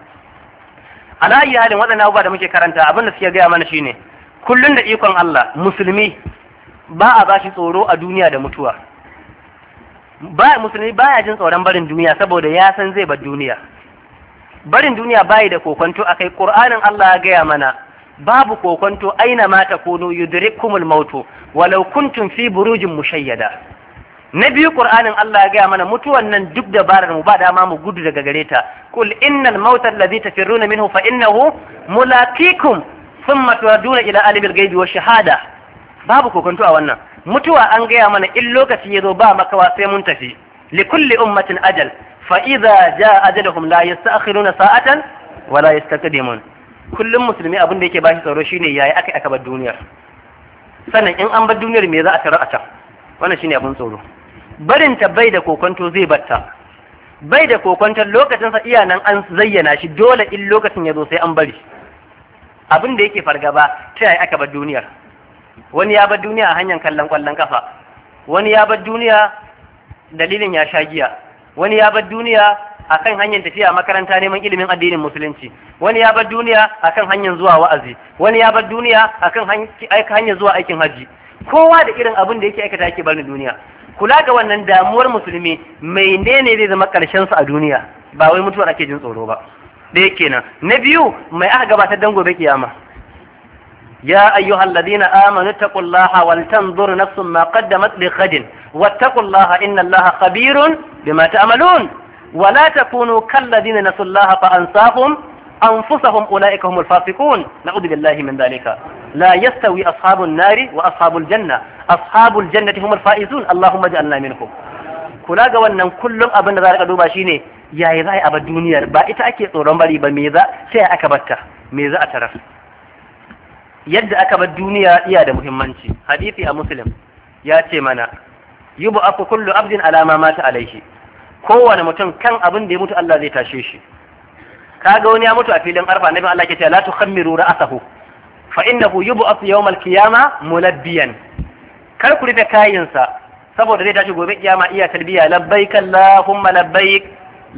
ala ayi halin waɗannan abubuwa da muke karanta abin da suke gaya mana shine kullun da ikon Allah musulmi ba a shi tsoro a duniya da mutuwa ba musulmi baya jin tsoron barin duniya saboda ya san zai bar duniya barin duniya bayi da kokonto kai, qur'anin Allah ya gaya mana babu kokonto aina ma takunu yudrikumul mautu walau kuntum fi burujin mushayyada na biyu qur'anin Allah ya gaya mana mutuwan nan duk dabarar mu ba dama mu gudu daga gare ta qul innal mautal ladhi tafirruna minhu fa innahu mulaqikum thumma turaduna ila alibil ghaibi wa shahada babu kokonto a wannan mutuwa an gaya mana in lokaci ya zo ba makawa sai mun tafi li kulli ummatin ajal fa idza jaa ajaluhum la yasta'khiruna sa'atan wa la yastaqdimun kullum musulmi abin da yake bashi tsaro shine yayi aka aka bar duniyar sannan in an bar duniyar me za a tarar a can wannan shine abin tsoro barinta bai da kokonto zai batta bai da kokonto lokacinsa iya nan an zayyana shi dole in lokacin ya zo sai an bari abin da yake fargaba ta yaya aka bar duniyar wani ya bar duniya a hanyar kallon kwallon kafa wani ya bar duniya dalilin ya sha giya wani ya bar duniya a kan hanyar tafiya makaranta neman ilimin addinin musulunci wani ya bar duniya a kan hanyar zuwa wa'azi wani ya bar duniya a kan hanyar zuwa aikin haji kowa da irin abin da yake aikata yake barin duniya kula ga wannan damuwar musulmi mai ne zai zama karshen su a duniya ba wai mutuwar ake jin tsoro ba ɗaya kenan na biyu mai aka gabatar dan gobe kiyama يا أيها الذين آمنوا اتقوا الله ولتنظر نفس ما قدمت لغد واتقوا الله إن الله خبير بما تعملون ولا تكونوا كالذين نسوا الله فأنساهم أنفسهم أولئك هم الفاسقون نعوذ بالله من ذلك لا يستوي أصحاب النار وأصحاب الجنة أصحاب الجنة هم الفائزون اللهم اجعلنا منهم kula ga wannan kullum abin da za ka duba shine yayi za a ba duniyar ba ita ake tsoron bari ba me za sai aka batta me za a tarar yadda aka bar duniya iya da muhimmanci hadisi a muslim ya ce mana yubu aku kullu abdin alama mata alaihi kowane mutum kan abin da ya mutu Allah zai tashe shi kaga wani ya mutu a filin arfa nabi Allah ke cewa la tukhammiru ra'sahu fa innahu yub'ath yawm al-qiyama mulabbiyan kar ku rufe kayinsa saboda zai tashi gobe kiyama iya talbiya labbaik allahumma labbaik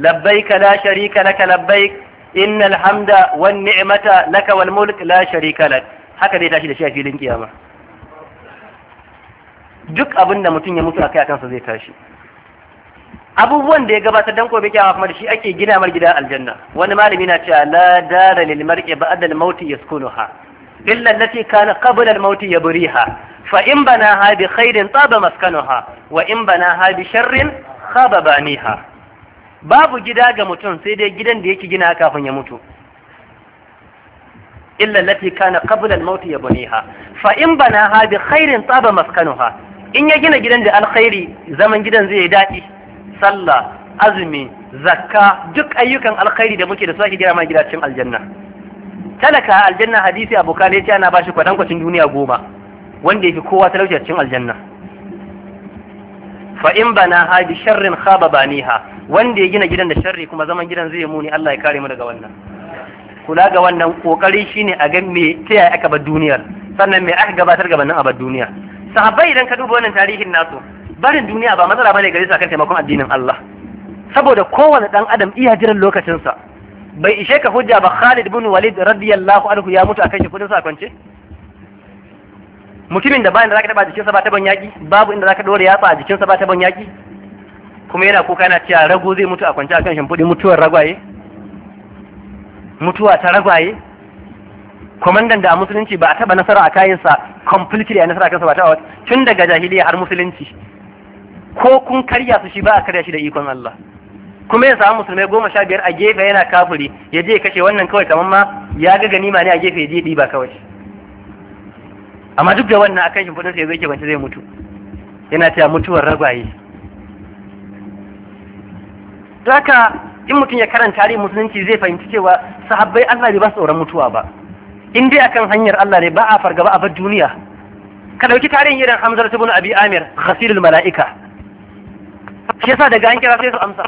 labbaik la sharika laka labbaik innal hamda wan ni'mata laka wal mulk la sharika lak haka zai tashi da shi a filin kiyama duk abin da mutum ya mutu akai kansa zai tashi abubuwan da ya gabatar dan gobe kyawa kuma da shi ake gina mar gidan aljanna wani malami na cewa la dara lil mar'i ba'da al mauti yaskunuha illa allati kana qabla al mauti yabriha fa in bana ha bi khairin taba maskanuha wa in bana ha bi sharrin khaba baniha babu gida ga mutum sai dai gidan da yake gina kafin ya mutu illa allati kana qabla al mauti yabniha fa in bana ha bi khairin taba maskanuha in ya gina gidan da alkhairi zaman gidan zai yi daɗi sallah azumi zakka duk ayyukan alkhairi da muke da su ake gina mana gidacin aljanna talaka aljanna hadisi abokan ya ce ana bashi kwacin duniya goma wanda yake kowa talauci a cikin aljanna fa in bana ha bi sharrin khaba baniha wanda ya gina gidan da sharri kuma zaman gidan zai muni Allah ya kare mu daga wannan kula ga wannan kokari shine a ga me ta yaya aka bar duniyar sannan me aka gabatar nan a bar duniya sahabbai idan ka duba wannan tarihin nasu barin duniya ba matsala bane gare su akan taimakon addinin Allah saboda kowane dan adam iya jiran lokacinsa bai ishe ka hujja ba Khalid bin Walid radiyallahu anhu ya mutu akan shi kudin sa kwance mutumin da bayan da zaka taba jikinsa ba ta ban yaki babu inda zaka dore yatsa a jikinsa ba ta ban yaki kuma yana kuka yana cewa rago zai mutu a kwance akan kudin mutuwar ragwaye mutuwa ta ragwaye kwamandan da musulunci ba a taba nasara a kayansa completely a nasara kansa ba ta tun daga jahiliya har musulunci ko kun karya su shi ba a karya shi da ikon Allah kuma ya samu musulmai goma sha biyar a gefe yana kafuri ya je kashe wannan kawai kamar ma ya ga ganima ne a gefe ya je ɗiba kawai amma duk da wannan akan shimfiɗinsa ya zo yake wancan zai mutu yana cewa mutuwar ragwaye haka in mutum ya karanta tarihin musulunci zai fahimci cewa sahabbai Allah bai ba su tsoron mutuwa ba in dai akan hanyar Allah ne ba a fargaba a bar duniya ka dauki tarihin irin Hamza ibn Abi Amir ghasilul mala'ika shi yasa daga an kira sai su amsa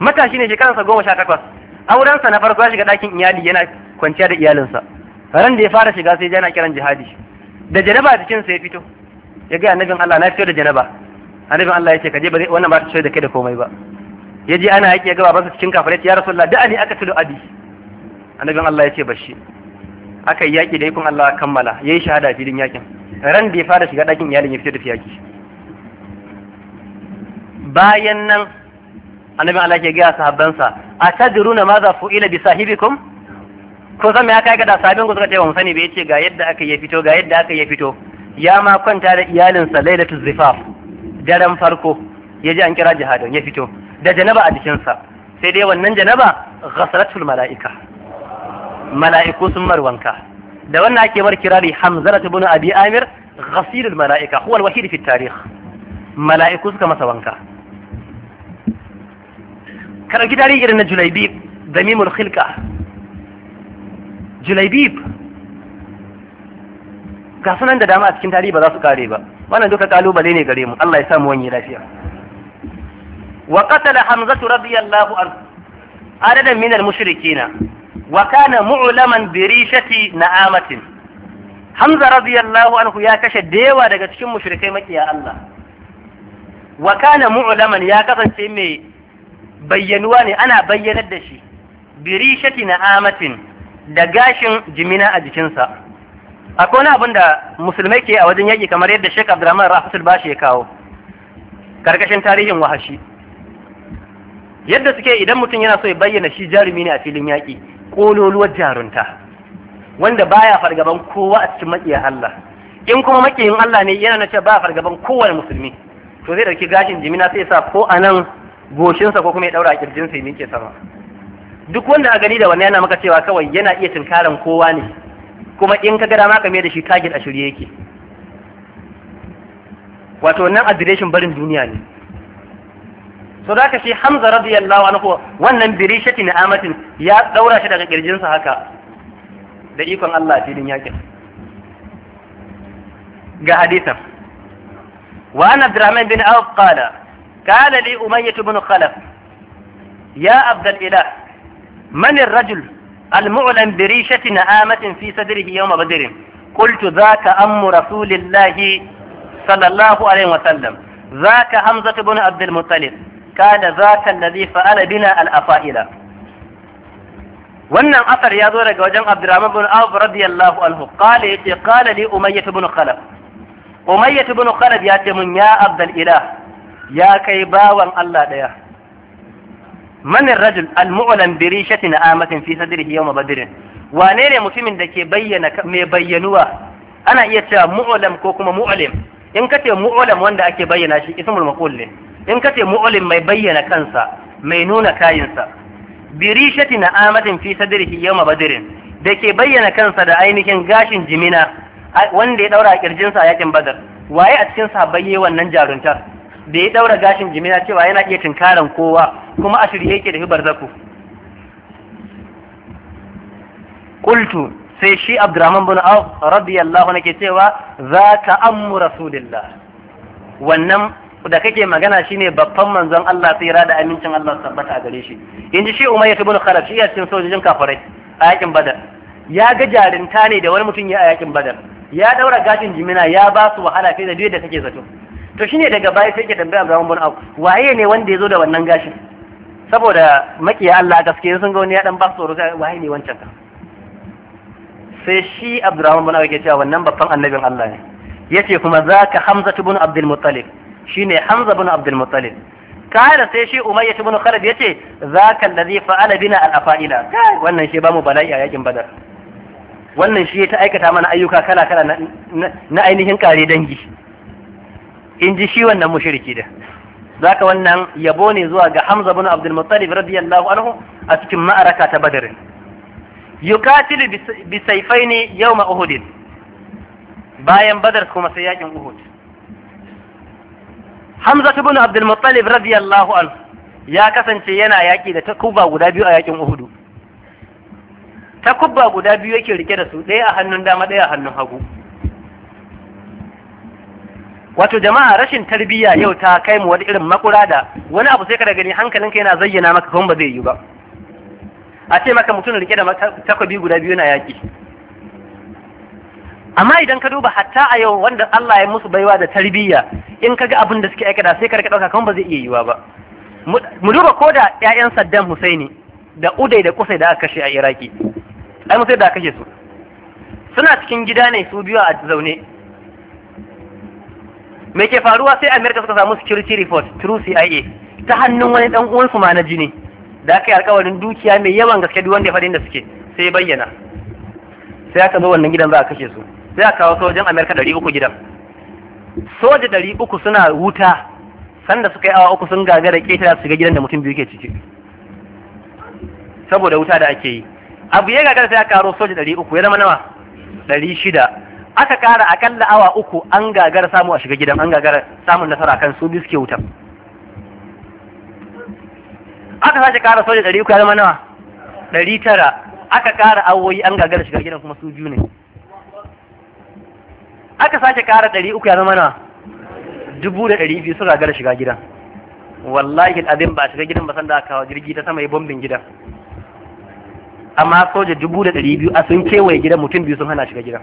matashi ne shekaransa goma sha takwas aurensa na farko ya shiga ɗakin iyali yana kwanciya da iyalinsa ran da ya fara shiga sai yana kiran jihadi da janaba a sa ya fito ya ga annabin Allah na fito da janaba annabin Allah ya ce kaje bare wannan ba ta da kai da komai ba ya je ana yaƙi ya ga babansa cikin kafirai ya rasulullah da ani aka tudu abi annabin Allah ya ce bashi aka yi yaƙi da ikon Allah kammala yayi shahada a filin yakin ran da ya fara shiga ɗakin iyalin ya fito da fiyaki bayan nan annabi Allah ke gaya sahabbansa a tadruna ma za fu'ila bi sahibikum ko zama me aka ga da sahabin ku suka ce wa mu sani ba ga yadda aka ya fito ga yadda aka ya fito ya ma kwanta da iyalinsa lailatul zifaf daren farko ya ji an kira jihadin ya fito da janaba a sa sai dai wannan janaba ghasalatul mala'ika mala'iku sun marwanka da wannan ake bar kirari hamzatu ibn abi amir ghasilul mala'ika huwa alwahid wahid fi tarikh mala'iku suka masa wanka karanki tarihi irin na julaibib damimul khilka julaibib ga sunan da dama a cikin tarihi ba za su kare ba wannan duka kalubale ne gare mu Allah ya samu wani lafiya wa qatala hamzatu radiyallahu anhu adadan min al-mushrikina wa kana mu'laman bi rishati na'amatin hamza radiyallahu anhu ya kashe dewa daga cikin mushrikai makiya Allah wa kana mu'laman ya kasance mai bayyanuwa ne ana bayyanar da shi birishati na amatin da gashin jimina a jikinsa akwai wani abin da musulmai ke a wajen yaƙi kamar yadda shek abdurrahman ba shi ya kawo karkashin tarihin wahashi yadda suke idan mutum yana so ya bayyana shi jarumi ne a filin yaƙi ƙololuwar jarunta wanda baya fargaban kowa a cikin maƙiya Allah in kuma maƙiyin Allah ne yana na ce ba fargaban kowane musulmi to zai ɗauki gashin jimina sai sa ko a nan goshinsa ko kuma ya daura a kirjinsa ya miƙe sama duk wanda a gani da wannan yana maka cewa kawai yana iya tunkaran kowa ne kuma in ka gada maka mai da shi target a shirye yake wato wannan adireshin barin duniya ne so da shi hamza radiyallahu anhu wannan birishati na amatin ya ɗaura shi daga kirjinsa haka da ikon Allah filin yakin ga hadisan wa an abdurrahman bin auf قال لي أمية بن خلف يا عبد الإله من الرجل المعلن بريشة نآمة في صدره يوم بدر قلت ذاك أم رسول الله صلى الله عليه وسلم ذاك حمزة بن عبد المطلب قال ذاك الذي فعل بنا الأفائلة wannan asar ya zo daga wajen Abdurrahman bin Auf radiyallahu anhu qala yace qala li Umayyah بن Khalaf Umayyah بن Khalaf ya ce mun ya الإله Ilah ya kai bawan Allah ɗaya manin rajul al-mu'lan bi rishatin amatin fi sadrihi yawm badr wane ne mutumin da ke bayyana mai bayyanuwa ana iya cewa mu'lam ko kuma mu'lim in kace mu'lam wanda ake bayyana shi ismul maqul ne in kace mu'lim mai bayyana kansa mai nuna kayinsa bi rishatin amatin fi sadrihi yawm badr da ke bayyana kansa da ainihin gashin jimina wanda ya daura a kirjinsa a yakin badar waye a cikin sahabbai wannan jaruntar da ya daura gashin jimina cewa yana iya tunkaran kowa kuma a shirye yake da hibar zaku qultu sai shi abdurrahman bin auf radiyallahu nake cewa za ka ammu rasulillah wannan da kake magana shine babban manzon Allah tsira da amincin Allah tabbata gare shi inji shi umayyah ibn khalaf shi cin sojojin kafirai a yakin badar ya ga jarinta ne da wani mutum ya a yakin badar ya ɗaura gashin jimina ya ba su wahala fiye da da kake zato to shine daga baya sai ke tambaya Abdurrahman bin Abu waye ne wanda ya zo da wannan gashin saboda makiya Allah gaske sun ga wani ya dan ba tsoro waye ne wancan ka sai shi Abdurrahman bin Abu ke cewa wannan babban annabin Allah ne yace kuma zaka Hamza ibn Abdul Muttalib shine Hamza ibn Abdul Muttalib kada sai shi Umayyah ibn Khalid yace zaka allazi fa'ala bina al-afa'ila wannan shi ba mu bala'i a yakin Badar wannan shi ya ta aikata mana ayyuka kala kala na ainihin kare dangi in ji shi wannan mushriki da zaka wannan yabo ne zuwa ga Hamza bin Abdul Muttalib radiyallahu anhu a cikin ma'araka ta Badr yuqatilu bi sayfaini yawma Uhud bayan Badar kuma sai yakin Uhud Hamza bin Abdul Muttalib radiyallahu anhu ya kasance yana yaki da takuba guda biyu a yakin Uhud takuba guda biyu yake rike da su ɗaya a hannun dama ɗaya a hannun hagu wato jama'a rashin tarbiyya yau ta kai mu wani irin makura da wani abu sai ka gani hankalinka yana zayyana maka kuma ba zai yi ba a ce maka mutum rike da takobi guda biyu na yaki amma idan ka duba hatta a yau wanda Allah ya musu baiwa da tarbiyya in ka ga abin da suke aikata sai ka rika dauka kuma ba zai iya yiwa ba mu duba ko da ƴaƴan Saddam Husaini da Udai da Kusai da aka kashe a Iraki ai mu sai da kashe su suna cikin gida ne su biyu a zaune me ke faruwa sai america suka samu security report through cia ta hannun wani dan su ma na jini da aka yi alkawarin dukiya mai yawan gaske duk wanda ya faɗin da suke sai bayyana sai aka zo wannan gidan za a kashe su sai a kawo sojan america ɗari uku gidan soja ɗari uku suna wuta sanda suka yi awa uku sun gagara ƙetara su ga gidan da mutum biyu ke ciki saboda wuta da ake yi abu ya gagara sai aka karo soja ɗari uku ya zama nawa ɗari shida aka kara akalla awa uku an gagara samu a shiga gidan an gagara samun nasara kan su biyu suke wutan aka sace kara soja ɗari uku ya zama nawa ɗari tara aka kara awoyi an gagara shiga gidan kuma su biyu ne aka sace kara ɗari uku ya zama nawa dubu da ɗari biyu sun gagara shiga gidan wallahi abin ba shiga gidan ba san da aka jirgi ta sama ya bombin gidan amma soja dubu da ɗari biyu a sun kewaye gidan mutum biyu sun hana shiga gidan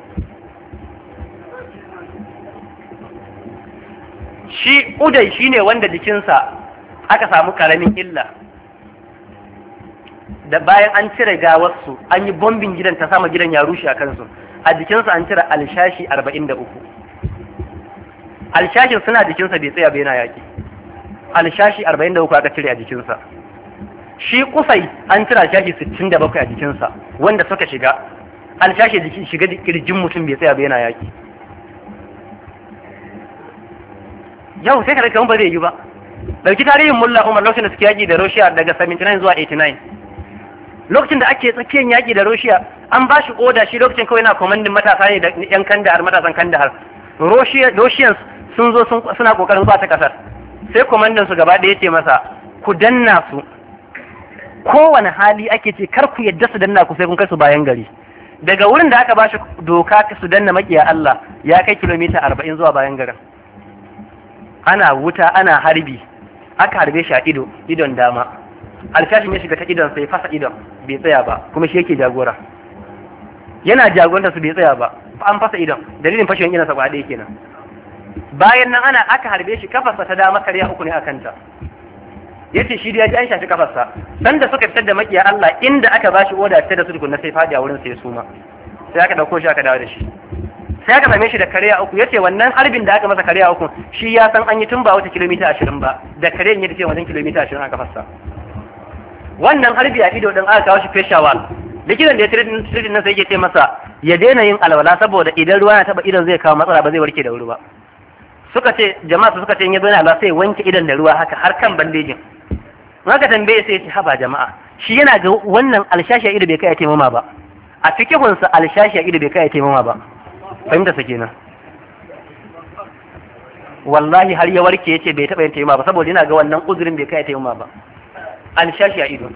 shi shi ne wanda jikinsa aka samu karamin illa da bayan an cire gawarsu an yi bombin gidan ta sama gidan ya rushe a kansu a jikinsa an cire alshashi arba'in da uku. alshashin suna jikinsa bai tsaya bai yana yaƙi alshashi arba'in da uku aka cire a jikinsa shi kusai an cire alshashi sittin da bakwai a jikinsa wanda suka shiga alshashi shiga kirjin mutum bai tsaya bai yana yaƙi yau sai ka daga ba zai yi ba dauki tarihin mulla umar lokacin da suke yaki da russia daga 79 zuwa 89 lokacin da ake tsakiyar yaki da russia an ba shi koda shi lokacin kawai na komandin matasa ne da yan kandahar matasan kandahar russians sun zo suna kokarin zuwa ta kasar sai komandin su gaba ɗaya ce masa ku danna su kowane hali ake ce kar ku yadda su danna ku sai kun kai su bayan gari daga wurin da aka ba shi doka su danna makiya Allah ya kai kilomita arba'in zuwa bayan garin ana wuta ana harbi aka harbe shi a ido idon dama alkashin ya shiga ta idon sai fasa idon bai tsaya ba kuma shi yake jagora yana jagoranta su bai tsaya ba an fasa idon dalilin fashewan idonsa ba ɗaya kenan bayan nan ana aka harbe shi kafarsa ta dama karya uku ne a kanta ya ce shi da ya ji an shafi kafarsa sanda suka fitar da makiya Allah inda aka ba shi oda ta da su tukunna sai fadi a wurin sai suma sai aka ɗauko shi aka dawo da shi sai aka same shi da kare uku yace wannan harbin da aka masa kare uku shi ya san an yi tun ba wata kilomita ashirin ba da kare ya tafi wajen kilomita ashirin aka fassa wannan harbi a ido din aka kawo shi Peshawar likitan da ya tirin nan sai yake ce masa ya daina yin alwala saboda idan ruwa ya taba idan zai kawo matsala ba zai warke da wuri ba suka ce jama'a suka ce in ya zo na sai wanke idan da ruwa haka har kan bandejin haka tambaye sai ya ce haba jama'a shi yana ga wannan alshashi a ido bai kai ya taimama ba a fikihunsa alshashi a ido bai kai ya taimama ba fahimta sa kenan wallahi har ya warke yace bai taba yin taimama ba saboda ina ga wannan uzurin bai kai taimama ba an shashi a ido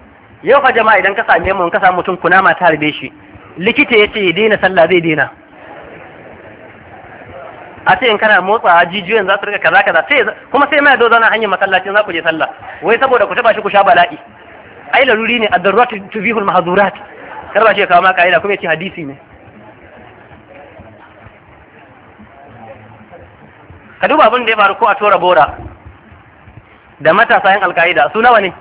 yau fa jama'a idan ka same mu ka samu mutum ma ta harbe shi likita yace ya daina sallah zai daina a ce in kana motsa jijiyoyin za su rika kaza kaza sai kuma sai mai dozo na hanyar masallacin za ku je sallah wai saboda ku taba shi ku sha bala'i ai laruri ne ad-daruratu tubihul mahzurat karba shi kawo ma kaida kuma yace hadisi ne ka duba abin da ya faru ko a tora bora da matasa yan alkaida su nawa ne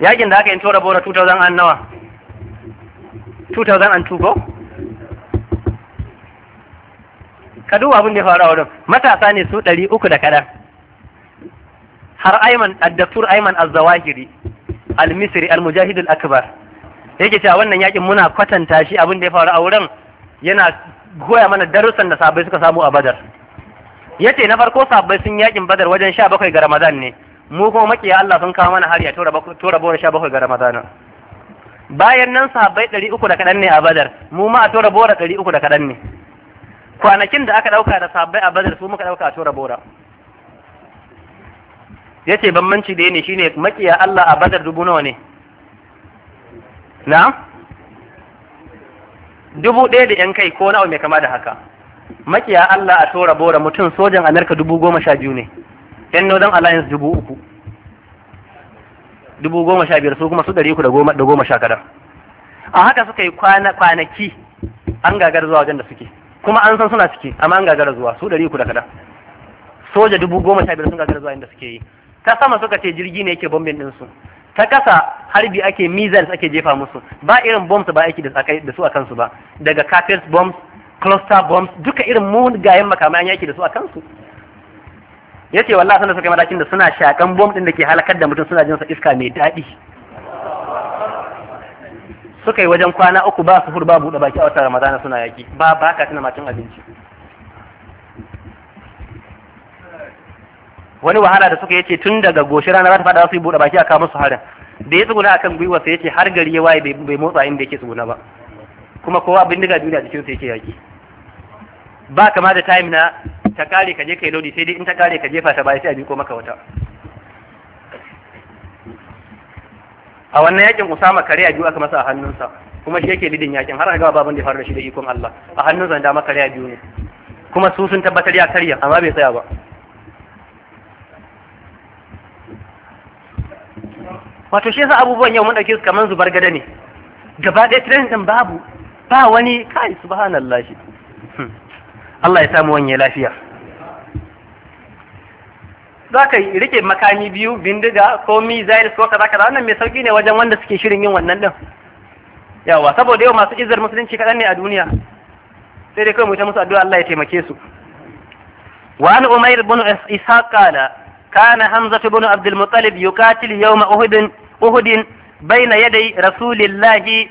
yakin da aka yi tora bora 2000 an nawa an tuko ka duba abin da ya faru a wurin matasa ne su ɗari uku da kaɗan har aiman addatur aiman Azawahiri al-misri al al-akbar yake cewa wannan yakin muna kwatanta shi abin da ya faru a wurin yana goya mana darussan da sabai suka samu a badar yace na farko sabbai sun yakin badar wajen sha bakwai ga ramadan ne mu kuma makiya Allah sun kawo mana hari a tura bawar sha bakwai ga Ramadan bayan nan sabbai 300 uku da kaɗan ne a badar mu ma a tura bora 300 uku da kaɗan ne kwanakin da aka ɗauka da sabbai a badar su muka ɗauka a tura bora ya ce bambanci da ne shine makiya Allah a badar dubu nawa ne na dubu ɗaya da ‘yan kai ko nawa mai kama da haka makiya Allah a tora bora mutum sojan Amerika dubu goma sha biyu ne yan Northern Alliance dubu uku dubu goma sha biyar su kuma su ɗari uku da goma sha kadar a haka suka yi kwanaki an gagara zuwa wajen da suke kuma an san suna ciki amma an gagara zuwa su ɗari uku da kadar soja dubu goma sha biyar sun gagara zuwa inda suke yi ta sama suka ce jirgi ne yake bombin ɗinsu ta kasa harbi ake missiles ake jefa musu ba irin bombs ba aiki da su a kansu ba daga carpet bombs cluster bombs duka irin mugayen makaman yaki da su a kansu yace wallahi sanda suka madakin da suna shakan bomb din da ke halakar da mutum suna jin sa iska mai daɗi suka yi wajen kwana uku ba su hur ba buɗe baki a wata ramadana suna yaki ba ba ka tana macin abinci wani wahala da suka yace tun daga goshi rana za ta fada su buɗe baki a kawo musu harin da ya tsuguna akan gwiwa sai yace har gari ya waye bai motsa inda yake tsuguna ba kuma kowa bindiga duniya jikin sa yake yaki ba kama da time na ta kare ka je kai lodi sai dai in ta kare ka jefa ta bai sai a miko maka wata a wannan yakin Usama kare a biyu aka masa a hannunsa kuma shi yake lidin yakin har ga babban da ya fara shi da ikon Allah a hannunsa da maka kare a biyu ne kuma su sun tabbatar ya karya amma bai tsaya ba wato shi yasa abubuwan yau mun dauke su kaman zubar gada ne gaba ɗaya trend din babu ba wani kai subhanallah shi hmm. Allah ya samu wanye lafiya za ka rike makami biyu bindiga ko mizail ko kaza wannan mai sauƙi ne wajen wanda suke shirin yin wannan ɗin. yawa saboda yau masu izar musulunci kaɗan ne a duniya sai dai kawai mu musu addu'a Allah ya taimake su wa an umair ibn ishaq qala kana hamza ibn abd al-muttalib yuqatil yawm Uhudin uhud bayna yaday rasulillahi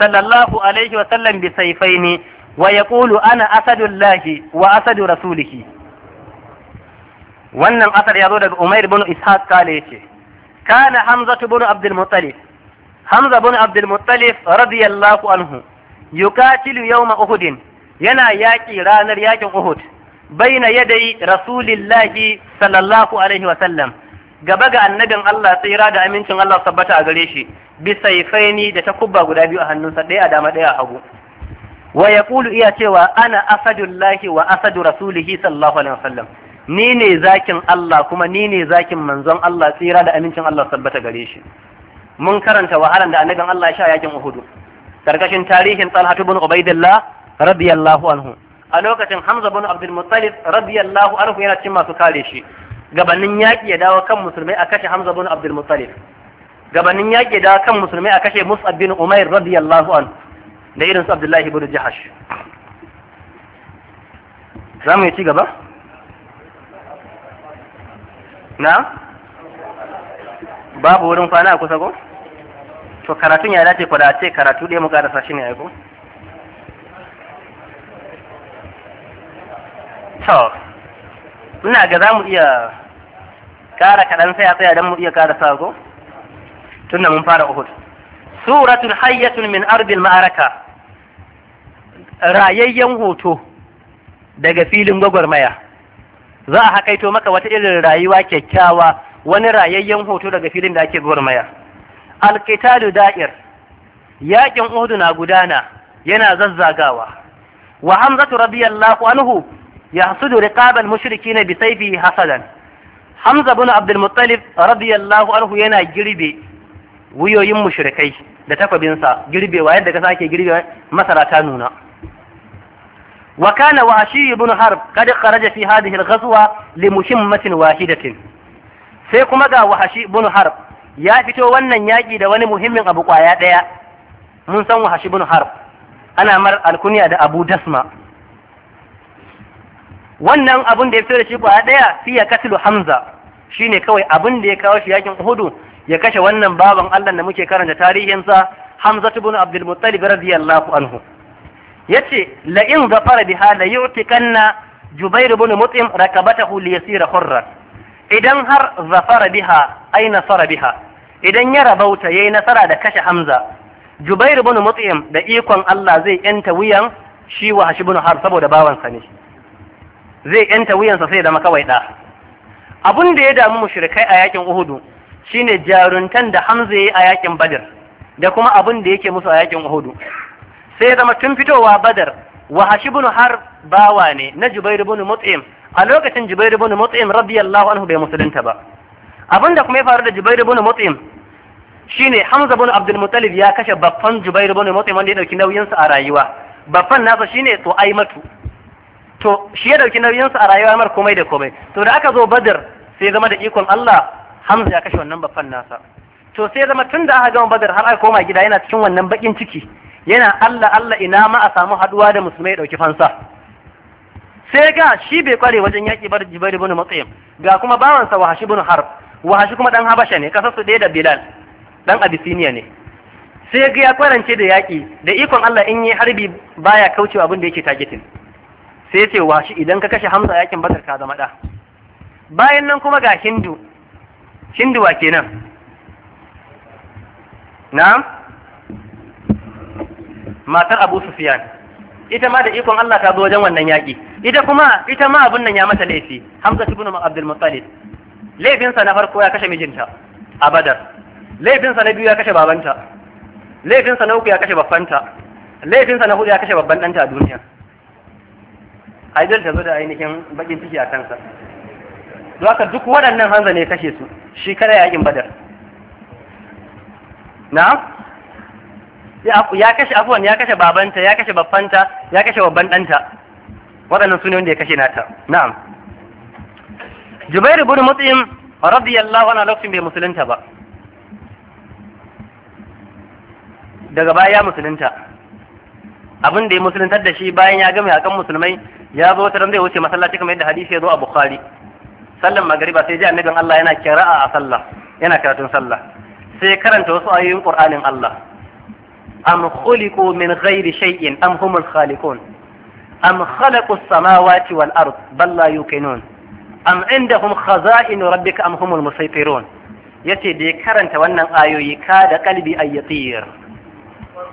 sallallahu alaihi wa sallam bi sayfaini wa yaqulu ana asadullahi wa asadu rasulihi wannan asar ya zo daga Umair bin Ishaq kala yace kana Hamza bin Abdul mutalif Hamza bin Abdul Muttalib radiyallahu anhu yukatilu yawma Uhud yana yaki ranar yaƙin Uhud baina yadai rasulillahi sallallahu alaihi wa sallam gaba ga annabin Allah tsira da amincin Allah sabbata a gare shi bisaifaini da takubba guda biyu a hannunsa ɗaya a dama ɗaya a hagu wa Kulu iya cewa ana asadullahi wa asadu rasulihi sallallahu alaihi wasallam ni ne zakin Allah kuma ni ne zakin manzon Allah tsira da amincin Allah sabbata gare shi mun karanta wahalan da annabin Allah ya sha yakin Uhud karkashin tarihin Talha ibn Ubaidillah radiyallahu anhu a lokacin Hamza ibn Abdul Muttalib radiyallahu anhu yana cikin masu kare shi gabanin yaki ya dawo kan musulmai a kashe Hamza ibn Abdul Muttalib gabanin yaki ya dawo kan musulmai a kashe Mus'ab bin Umair radiyallahu anhu da irin su abdullahi ibn jahash za mu yi ci gaba na babu wurin kwana a kusa ko to karatun ya dace ku da ce karatu ɗaya mu karasa shi ne aiko to ina ga za mu iya kara kaɗan sai a tsaya don mu iya kara sa ko tunda mun fara uhud suratul hayyatun min ardil ma'araka rayayyen hoto daga filin gwagwarmaya za a haƙaito maka wata irin rayuwa kyakkyawa wani rayayyen hoto daga filin da ake gwagwarmaya alkitalu da'ir yaƙin uhudu na gudana yana zazzagawa wa hamzatu radiyallahu anhu yahsudu riqabal mushrikin bi sayfihi hasadan hamza bin abdul muttalib radiyallahu anhu yana girbe wuyoyin mushrikai da takwabinsa girbewa yadda kasa ake girbewa masara ta nuna wa kana wa ashir ibn harb kad kharaja fi hadhihi al-ghazwa li muhimmatin wahidatin sai kuma ga wa ashir ibn harb ya fito wannan yaki da wani muhimmin abu kwaya daya mun san wa ashir ibn harb ana mar alkuniya da abu dasma wannan abun da ya fito da shi kwaya ɗaya fiya katlu hamza shine kawai abun da ya kawo shi yakin uhudu ya kashe wannan baban Allah da muke karanta tarihinsa Hamza ibn Abdul Muttalib radiyallahu anhu yace la in zafara biha la yu'tikanna Jubair ibn Mut'im rakabatahu li yasira hurran idan har zafara biha ai nasara biha idan ya rabauta yayi nasara da kashe Hamza Jubair ibn Mut'im da ikon Allah zai yanta wuyan shi wa Hashib ibn Har saboda bawansa ne zai yanta wuyansa sai da makawai da abun da ya damu mushrikai a yakin Uhudu shine jaruntan da Hamza yayi a yakin Badar da kuma abin da yake musu a yakin Uhud sai ya zama tun fitowa Badar Wahashi ibn Har bawa ne na Jubair ibn Mut'im a lokacin Jubair ibn Mut'im radiyallahu anhu bai musulunta ba abinda kuma ya faru da Jubair ibn Mut'im shine Hamza ibn Abdul Muttalib ya kashe baffan Jubair ibn Mut'im wanda ya dauki nauyin sa a rayuwa baffan nasa shine to ai matu to shi ya dauki nauyin sa a rayuwa mar komai da komai to da aka zo Badar sai zama da ikon Allah hamza ya kashe wannan baffan nasa to sai zama tun da aka gama badar har aka koma gida yana cikin wannan bakin ciki yana Allah Allah ina ma a samu haduwa da musulmai dauki fansa sai ga shi bai kware wajen yaki bar jibari bin matsayin ga kuma bawansa wahashi ibn harb wahashi kuma dan habasha ne kasar su da bilal dan abisiniya ne sai ga ya kwarance da yaki da ikon Allah in yi harbi baya kaucewa abin da yake targetin sai ce wahashi idan ka kashe hamza yakin badar ka zama da bayan nan kuma ga hindu shinduwa kenan na'am matar Abu Sufyan ita ma da ikon Allah ta zo wajen wannan yaƙi. ita kuma ita ma abun nan ya mata laifi Hamza ibn Abdul Muttalib laifinsa na farko ya kashe mijinta a Badar laifinsa na biyu ya kashe babanta laifinsa na uku ya kashe babbanta laifinsa na hudu ya kashe babban ɗanta a duniya haidar ta zo da ainihin bakin ciki a kansa haka duk waɗannan hanza ne kashe su shi kada yakin badar na ya kashe afuwan ya kashe babanta ya kashe babbanta ya kashe babban ɗanta waɗannan su ne wanda ya kashe nata na'am jubairu bin rabbi radiyallahu anhu lokacin bai musulunta ba daga baya ya musulunta abin da ya musulunta da shi bayan ya gama yakan musulmai ya zo ta ran zai wuce masallaci kamar yadda hadisi ya zo a bukhari sallan magariba sai ji annabin Allah yana kira'a a sallah yana karatun sallah sai karanta wasu ayoyin Qur'anin Allah am khuliqu min ghairi shay'in am humul khaliqun am khalaqu as-samawati wal ard bal la yuqinun am indahum khaza'in rabbika am humul musaytirun yace da ya karanta wannan ayoyi ka da kalbi ayyatir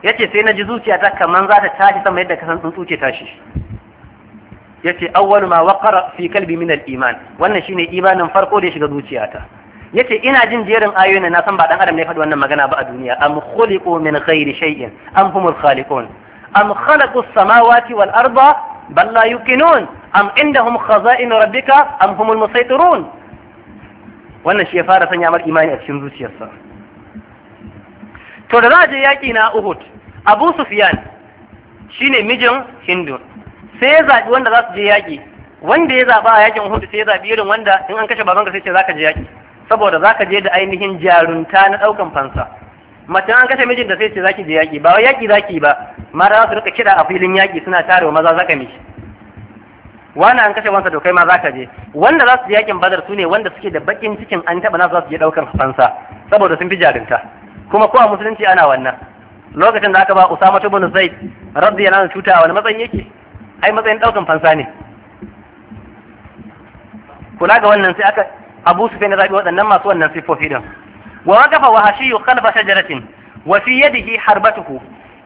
yace sai na ji zuciya ta kaman za ta tashi sama yadda kasan tsuntsuke ke tashi yace awwalu ma waqara fi kalbi min al-iman wannan shine imanin farko da ya shiga zuciyata yace ina jin jerin ayoyin na san ba dan adam ne faɗi wannan magana ba a duniya am khuliqu min ghairi shay'in am humul khaliqun am khalaqu as-samawati wal arda bal la yuqinun am indahum khaza'in rabbika am humul musaytirun wannan shi ya fara sanya mar imani a cikin zuciyarsa to da za a je yaki na Uhud Abu Sufyan shine mijin Hindu sai ya zaɓi wanda za su je yaƙi wanda ya zaɓa a yaƙin hudu sai ya zaɓi irin wanda in an kashe babanka sai ce za ka je yaƙi saboda za ka je da ainihin jarunta na ɗaukan fansa mace an kashe mijinta sai ce za ki je yaƙi ba wai yaƙi za ki ba mara za su rika kiɗa a filin yaƙi suna tare wa maza za ka mishi wani an kashe wansa to kai ma za ka je wanda za su je yaƙin badar su ne wanda suke da baƙin cikin an taɓa nasu za su je ɗaukan fansa saboda sun fi jarunta kuma ko a musulunci ana wannan lokacin da aka ba Usama ibn Zaid radiyallahu anhu cuta wani matsayin yake ai matsayin ɗaukan fansa ne kula ga wannan sai aka abu su na zaɓi waɗannan masu wannan siffofi ɗin wa waqafa wa hashiyu khalfa shajaratin wa fi yadihi harbatuhu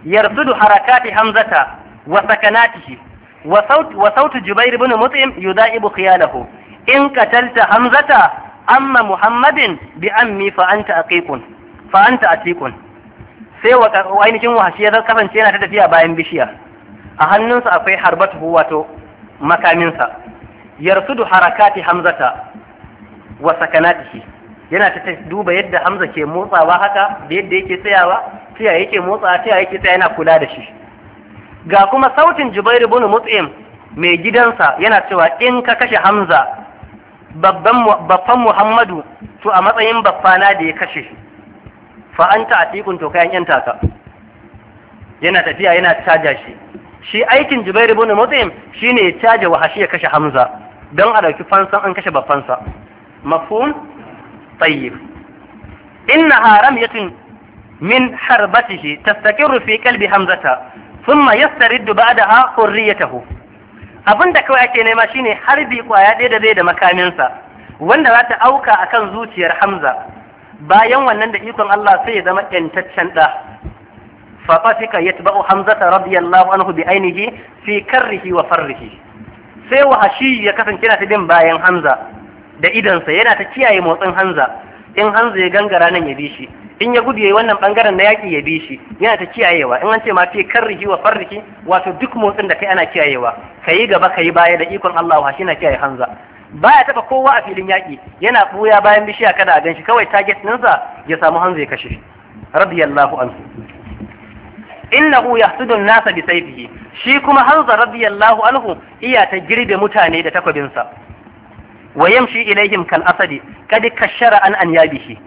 yarsudu harakati hamzata wa sakanatihi wa sautu wa jubair ibn mut'im yudaibu khiyalahu in katalta hamzata amma muhammadin bi ammi fa anta aqiqun fa anta atiqun sai wa ainihin wahashi ya kasance yana ta tafiya bayan bishiya a hannunsa akwai harbatuhu wato makaminsa yarsudu harakati hamzata wa sakanatihi yana ta duba yadda hamza ke motsawa haka da yadda yake tsayawa tiya yake motsawa tiya yake tsaya yana kula da shi ga kuma sautin jubairu bin mutsim mai gidansa yana cewa in ka kashe hamza babban baffan muhammadu to a matsayin baffana da ya kashe fa anta atikun to kayan yan taka yana tafiya yana caja shi shi aikin Jubair ibn Mut'im shine ya caje Wahashi ya kashe Hamza don a dauki fansan an kashe sa mafhum tayyib inna haramiyatin min harbatihi tastaqiru fi qalbi hamzata thumma يسترد ba'daha hurriyatahu abin da kawai ake nema shine harbi kwaya ɗaya da zai da sa wanda za ta auka akan zuciyar Hamza bayan wannan da ikon Allah sai ya zama ƴantaccen da فطفق يتبع حمزة رضي الله عنه بعينه في كره وفره sai wahashi ya كنا na ta حمزة bayan Hamza da idansa yana ta kiyaye motsin Hamza in Hamza ya gangara nan ya bi shi in ya gudu yayi wannan bangaren na yaki ya bi shi yana ta kiyayewa in an ce ma fi karrihi wa farrihi wato duk motsin da kai ana kiyayewa kayi gaba kayi baya da ikon Allah Wa shi na kiyaye hanza baya taba kowa a filin yaki yana buya bayan bishiya kada a ganshi kawai target ninsa ya samu hanza ya kashe radiyallahu anhu innahu yahsudu an-nasa bi sayfihi shi kuma Hamza radiyallahu anhu iya ta girbe mutane da takwabinsa wa yamshi ilaihim kal asadi kad kashara an an yabihi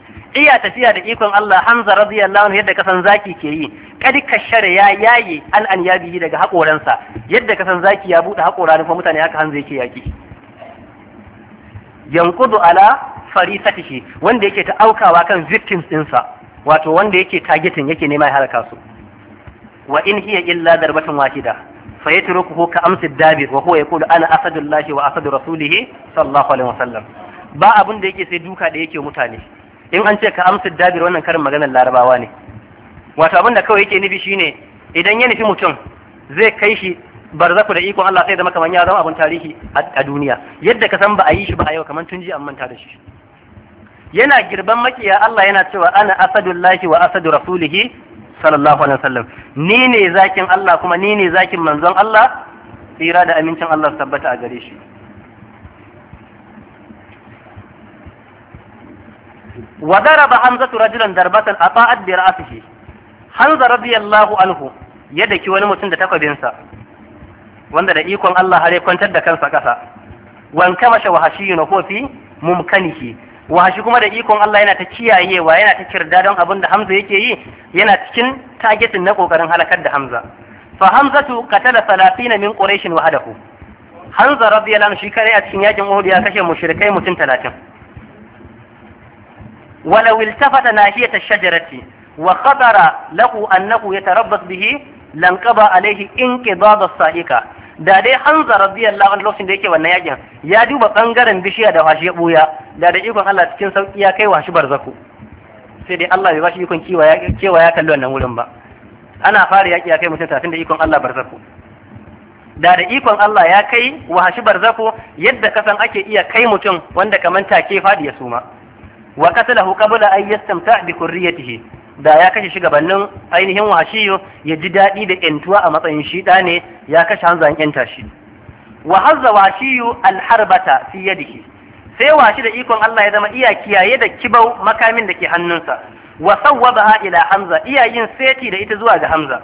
iya tafiya da ikon Allah Hamza radiyallahu anhu yadda kasan zaki ke yi kad kashara ya yayi an an yabihi daga hakoransa yadda kasan zaki ya bude hakora ne kuma mutane haka Hamza yake yaki yanqudu ala farisatihi wanda yake ta aukawa kan victims dinsa wato wanda yake targeting yake nema ya halaka su wa in hiya illa darbatun wahida fa yatrukuhu ka amsi dabir wa huwa yaqulu ana asadullahi wa asadu rasulih sallallahu alaihi wasallam ba abun da yake sai duka da yake mutane in an ce ka amsi dabir wannan karin maganar larabawa ne wato abin da kawai yake nufi shine idan ya nufi mutum zai kai shi barzaku da ikon Allah sai da makaman ya zama abun tarihi a duniya yadda ka san ba a yi shi ba a yau kamar tun ji an manta da shi yana girban makiya Allah yana cewa ana asadullahi wa asadu rasulihi sallallahu alaihi wasallam ni ne zakin Allah kuma ni ne zakin manzon Allah tsira da amincin Allah tabbata a gare shi wa daraba hamzatu rajulan darbatan ata'at bi ra'sihi Hamza radiyallahu anhu ya daki wani mutum da sa wanda da ikon Allah har ya kwantar da kansa kasa wan kama shawahashi na kofi mumkanihi washi kuma da ikon Allah yana ta kiyayewa yana ta kirda don abin da Hamza yake yi yana cikin tagetin na kokarin halakar da Hamza fa Hamzatu qatala 30 min Quraysh wahdahu Hamza radiyallahu anhu shi kare a cikin yakin Uhud ya kashe mushrikai mutum 30 ولو التفت ناحية الشجرة ya له أنه يتربص به لانقضى عليه انقضاض sa'ika. da dai hanza radiyallahu anhu lokacin da yake wannan yakin ya duba bangaren bishiya da washi ya buya da da ikon Allah cikin sauki ya kai washi barzaku sai dai Allah bai bashi ikon kewa ya kalli wannan wurin ba ana fara yaki ya kai mutum tafin da ikon Allah barzaku da da ikon Allah ya kai washi barzaku yadda kasan ake iya kai mutum wanda kamanta ke fadi ya suma wa qatalahu qabla an yastamta bi kurriyatihi da ya kashe shi gabanin ainihin washiyo ya ji daɗi da ƴantuwa a matsayin shi ɗa ne ya kashe hanzan ƴanta shi wa hazza washiyu alharbata fi yadihi sai washi da ikon Allah ya zama iya kiyaye da kibau makamin da ke hannunsa wa sawwabaha ila hamza iya yin seti da ita zuwa ga hamza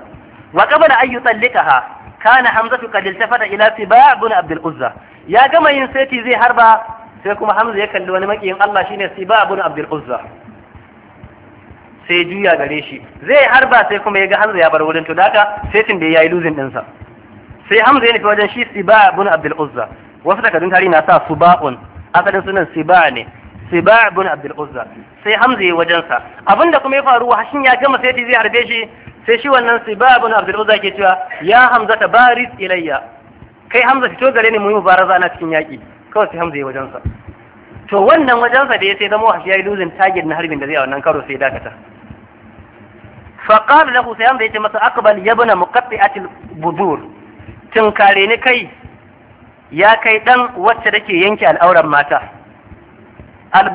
wa qabla an yutallikaha kana hamzatu qad iltafata ila tibaa ibn abdul uzza ya gama yin seti zai harba sai kuma hamza ya kalli wani makiyin Allah shine siba ibn abdul uzza sai juya gare shi zai harba sai kuma ya ga hamza ya bar wurin to daga sai tun da ya yi luzin ɗinsa sai hamza ya nufi wajen shi siba ibn abdul uzza wasu takardun tarihi na sa suba'un asalin sunan siba ne siba ibn abdul uzza sai hamza ya wajen sa abinda kuma ya faru hashin ya gama sai zai harbe shi sai shi wannan siba ibn abdul uzza ke cewa ya hamza ta baris ilayya kai hamza fito gare ni mu yi mubaraza na cikin yaƙi kawai sai hamza ya wajen sa to wannan wajensa da ya sai zama wahashi ya yi losing na harbin da zai a wannan karo sai dakata faƙar lahu kusa hamza ya ce masa akbal yabna muqatti'atil budur tunkare ni kai ya kai ɗan wacce ke yanke al'auran mata al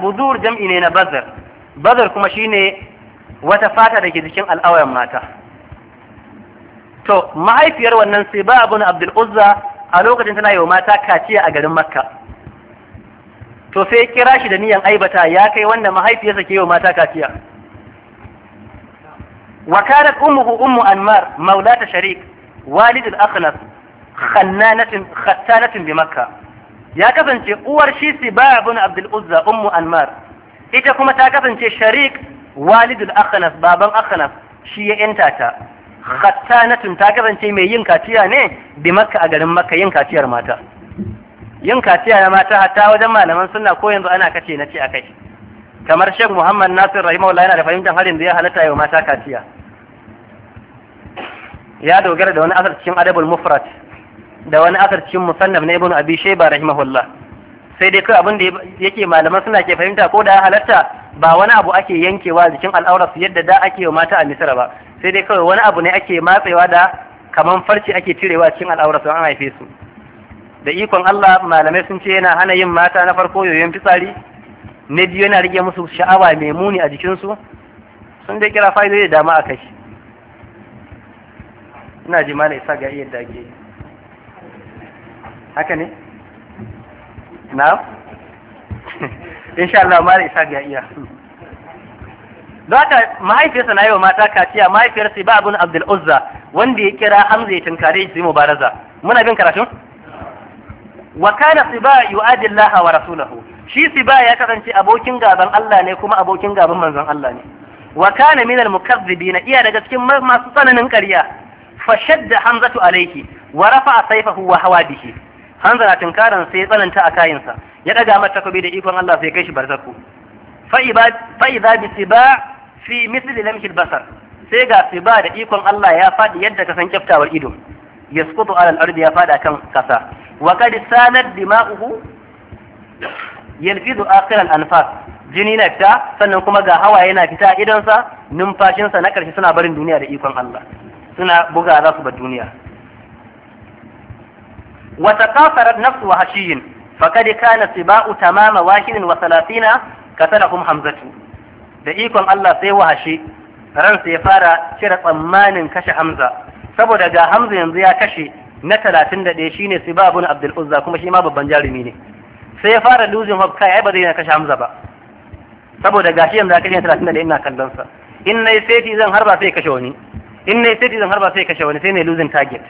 jam'i ne na bazar bazar kuma shine wata fata dake ke jikin al'auran mata to mahaifiyar wannan sai ba abu abdul uzza a lokacin tana yi wa mata kaciya a garin makka to sai kira shi da niyan aibata ya kai wanda mahaifiyarsa ke yi mata kaciya wa kanat ummuhu ummu anmar maulata sharik walidul akhlas khannanatin khattanatin bi makka ya kasance uwar shi sibaya bin abdul uzza ummu anmar ita kuma ta kasance sharik walidul akhlas baban akhlas shi ya yanta ta tun ta kasance mai yin kaciya ne bi makka a garin makka yin kaciyar mata yin kaciya na mata hatta wajen malaman sunna ko yanzu ana kace na ce akai kamar Sheikh Muhammad Nasir rahimahullah yana da fahimtar harin da ya halatta yau mata kaciya ya dogara da wani asar cikin adabul mufrad da wani asar cikin musannaf na Ibn Abi Shayba rahimahullah sai dai kai abin da yake malaman suna ke fahimta ko da halatta ba wani abu ake yankewa jikin al'aurar su yadda da ake yi mata a Misira ba sai dai kawai wani abu ne ake matsewa da kaman farci ake cirewa cikin al'aurar su an haife su da ikon Allah malamai sun ce yana hana yin mata na farko yoyon fitsari na biyu yana rage musu sha'awa mai muni a jikinsu sun dai kira fa'idoyi da dama a kai ina ji mana isa ga yadda ake haka ne na [laughs] insha Allah mara isa ga iya don mahaifiyarsa na yi wa mata kaciya mahaifiyarsa ba abin abdul uzza wanda ya kira hamza ya tunkare shi mu muna bin karatun wa kana siba yu'adi Allah wa rasulahu shi siba ya kasance abokin gaban Allah ne kuma abokin gaban manzon Allah ne wa kana min al na iya daga cikin masu tsananin ƙarya fa shadda hamzatu alayhi wa rafa'a sayfahu wa hawadihi hamza na tunkaran sai tsananta a kayinsa ya daga mata takobi da ikon Allah sai kai shi barzaku fa ibad bi siba fi misli lamhi al basar sai ga siba da ikon Allah ya fadi yadda ka san kyaftawar ido yasqutu ala al ardi ya fada kan kasa wa سالت دماؤه ينفذ yanfidu akhir jini na fita sannan kuma ga hawa yana fita idansa numfashinsa na ƙarshe suna barin duniya da ikon Allah suna buga za su bar duniya wa taqasarat nafsu wa hashiyin faqad kana siba'u tamama wahidin wa salatina katalahum hamzatu da ikon Allah sai wa wahashi ran ya fara cire tsammanin kashe hamza saboda ga hamza yanzu ya kashe na talatin da ɗaya shine su ba abu na abdul uzza kuma shi ma babban jarumi ne sai ya fara losing hope kai ai ba zai na kashe hamza ba saboda gashi yanzu aka kashe talatin da ɗaya ina kallon sa in na yi seti zan harba sai kashe wani in na yi seti zan harba sai kashe wani sai na losing target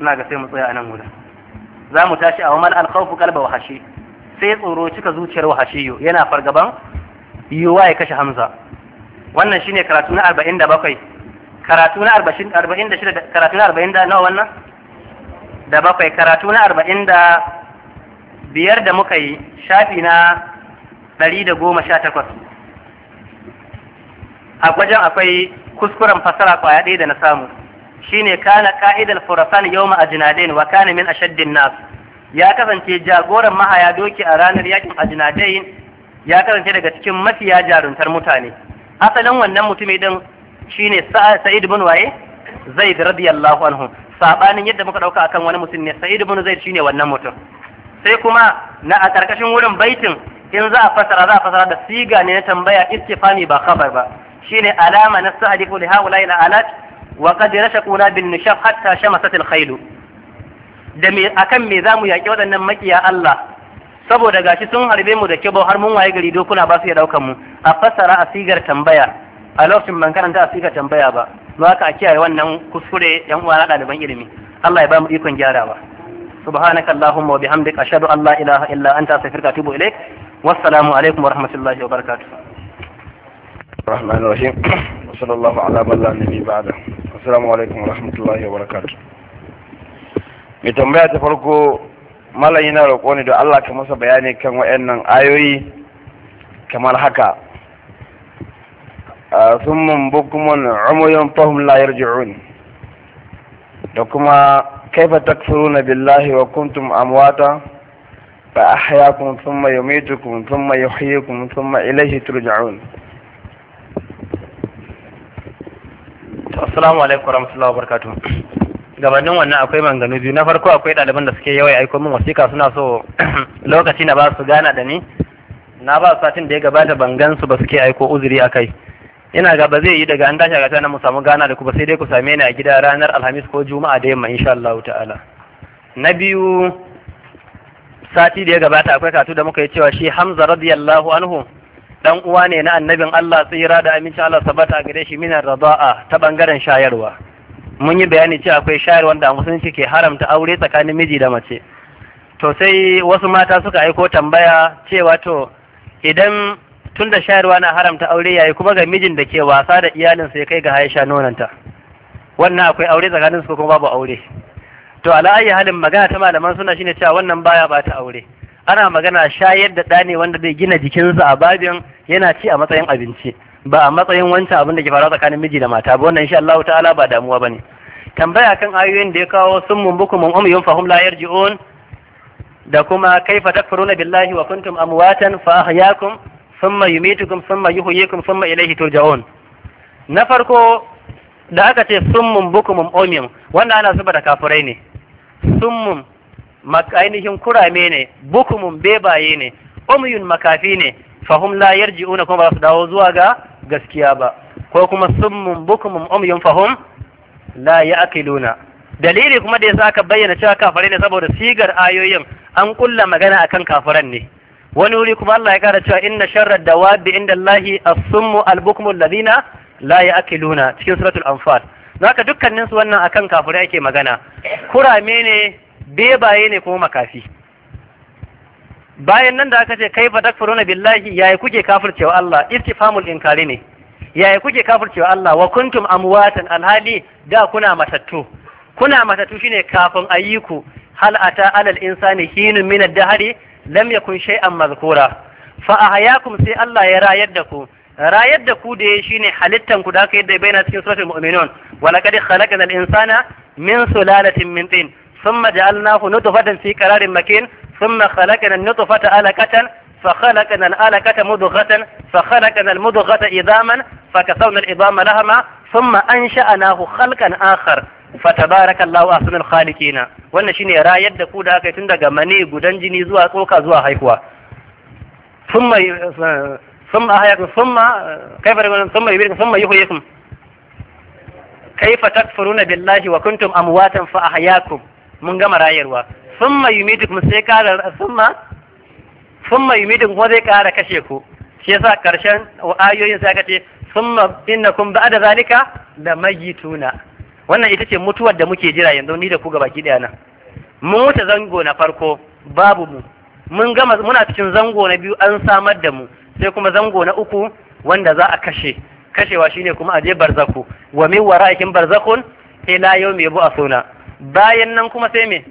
ina ga sai mu tsaya a nan wurin za mu tashi a wamal alkhawfu kalba wa hashe sai tsoro cika zuciyar wa hashiyu yana fargaban yiwuwa ya kashe hamza wannan shine karatu na arba'in da bakwai karatu na arba'in da shida karatu na arba'in da nawa wannan da bakwai karatu na arba'in da biyar da muka yi shafi na ɗari da goma sha takwas a gwajin akwai kuskuren fasara kwaya ɗaya da na samu ne kana ka'idar furasan yawma a wa kana min ashaddin nas ya kasance jagoran mahaya doki a ranar yakin ajnadain ya kasance daga cikin mafiya jaruntar mutane asalin wannan mutumin din shine sa'id ibn waye zaid radiyallahu anhu sabanin yadda muka dauka akan wani mutum ne sa'id ibn zaid shine wannan mutum sai kuma na a karkashin wurin baitin in za a fasara za a fasara da siga ne na tambaya fami ba khabar ba shine alama na sa'adifu li haula ila alat wa qad rashaquna bin nishab hatta shamasat al khayl da me akan me zamu yaki waɗannan makiya Allah saboda gashi sun harbe mu da kibo har mun waye gari dokuna ba su ya daukan mu a fasara a sigar tambaya a lokacin ban karanta su ka tambaya ba ba haka a kiyaye wannan kuskure yan uwa na ɗaliban ilimi Allah ya ba mu ikon gyarawa subhanaka allahumma wa bihamdika ashhadu an la ilaha illa anta astaghfiruka wa atubu ilaik wassalamu alaikum wa rahmatullahi wa barakatuh rahman rahim sallallahu ala على nabi ba'da assalamu alaikum wa rahmatullahi wa barakatuh mai tambaya ta farko mallan yana roƙo ne da Allah ka masa bayani kan waɗannan ayoyi kamar haka summun bukmun umuyun fahim la yarji'un da kuma kaifa takfuruna billahi wa kuntum amwata fa ahyakum thumma yumitukum thumma yuhyikum thumma ilayhi turja'un assalamu alaikum warahmatullahi wabarakatuh gabanin wannan akwai manganu biyu na farko akwai ɗaliban da suke yawai aiko min wasiƙa suna so lokaci na ba su gana da ni na ba satin da ya gabata ban gan su ba suke aiko uzuri akai ina ga ba zai yi daga an tashi gasa na mu samu gana da kuma sai dai ku same ni a gida ranar alhamis ko juma'a da yamma insha Allah ta'ala na biyu sati da ya gabata akwai katu da muka yi cewa shi Hamza radiyallahu anhu dan uwa ne na annabin Allah tsira da aminci Allah sabata gare shi minar rada'a ta bangaren shayarwa mun yi bayani cewa akwai shayarwa da musulunci ke haramta aure tsakanin miji da mace to sai wasu mata suka aiko tambaya cewa to idan tun da shayarwa na haramta aure yayi kuma ga mijin da ke wasa da iyalinsa ya kai ga haisha nonanta wannan akwai aure tsakanin su kuma babu aure to ala ayi halin magana ta malaman suna shine cewa wannan baya bata aure ana magana shayar da dane wanda zai gina jikinsa a babin yana ci a matsayin abinci ba a matsayin wancan abin da ke faruwa tsakanin miji da mata ba wannan insha Allah ta'ala ba damuwa bane tambaya kan ayoyin da ya kawo sun mumbuku mun umyun yunfahum la yarji'un da kuma kaifa takfuruna billahi wa kuntum amwatan fa ahyaakum summa yumitukum summa yuhyikum summa ilaihi turja'un na farko da aka ce summun bukumun omium wanda ana zuba da kafurai ne summun ainihin kurame ne mun bebaye ne umyun makafi ne fahum la yarji'una kuma ba su dawo zuwa ga gaskiya ba ko kuma summun bukumun umyun fahum la ya'qiluna dalili kuma da yasa aka bayyana cewa kafirai ne saboda sigar ayoyin an kulla magana akan kafiran ne wani wuri kuma Allah ya kara cewa inna sharrad dawabi inda Allahi as-summu al-bukmu alladhina la ya'kuluna cikin suratul anfal naka dukkanin su wannan akan kafirai ake magana kurame ne bebaye ne kuma makafi bayan nan da aka ce kaifa takfuruna billahi yayi kuke kafircewa Allah istifhamul inkari ne Yayi kuke kafircewa Allah wa kuntum amwatan alhali da kuna matattu kuna matattu shine kafin ayyuku hal ata alal insani hinun min ad-dahri lam yakun shay'an mazkura fa ahyakum sai Allah ya rayar da ku rayar da ku da shine halittan ku da aka yadda bayyana cikin suratul mu'minun wa laqad khalaqnal insana min sulalatin min tin ثم جعلناه نطفة في قرار مكين ثم خلقنا النطفة علقة فخلقنا العلقة مضغة فخلقنا المضغة عظاما فكسونا العظام لهما ثم أنشأناه خلقا آخر fatabarakallahu ahsanul khaliqina wannan shine rayar da ku da aka yi tun daga mani gudan jini zuwa tsoka zuwa haihuwa thumma summa ahyakum thumma kayfa rabbuna thumma yubikum thumma yuhyikum kaifa takfuruna billahi wa kuntum amwatan fa ahyaakum mun gama rayarwa thumma yumitukum sai kara summa summa yumitukum kuma zai kara kashe ku shi yasa karshen ayoyin sai aka ce summa innakum ba'da zalika lamayituna wannan ita ce mutuwar da muke jira yanzu ni da ku gabaki daya nan mun wuce zango na farko babu mu mun gama muna cikin zango na biyu an samar da mu sai kuma zango na uku wanda za a kashe kashewa shine kuma aje barzaku wa min wara'ikin barzakun ila yawmi yub'athuna bayan nan kuma sai me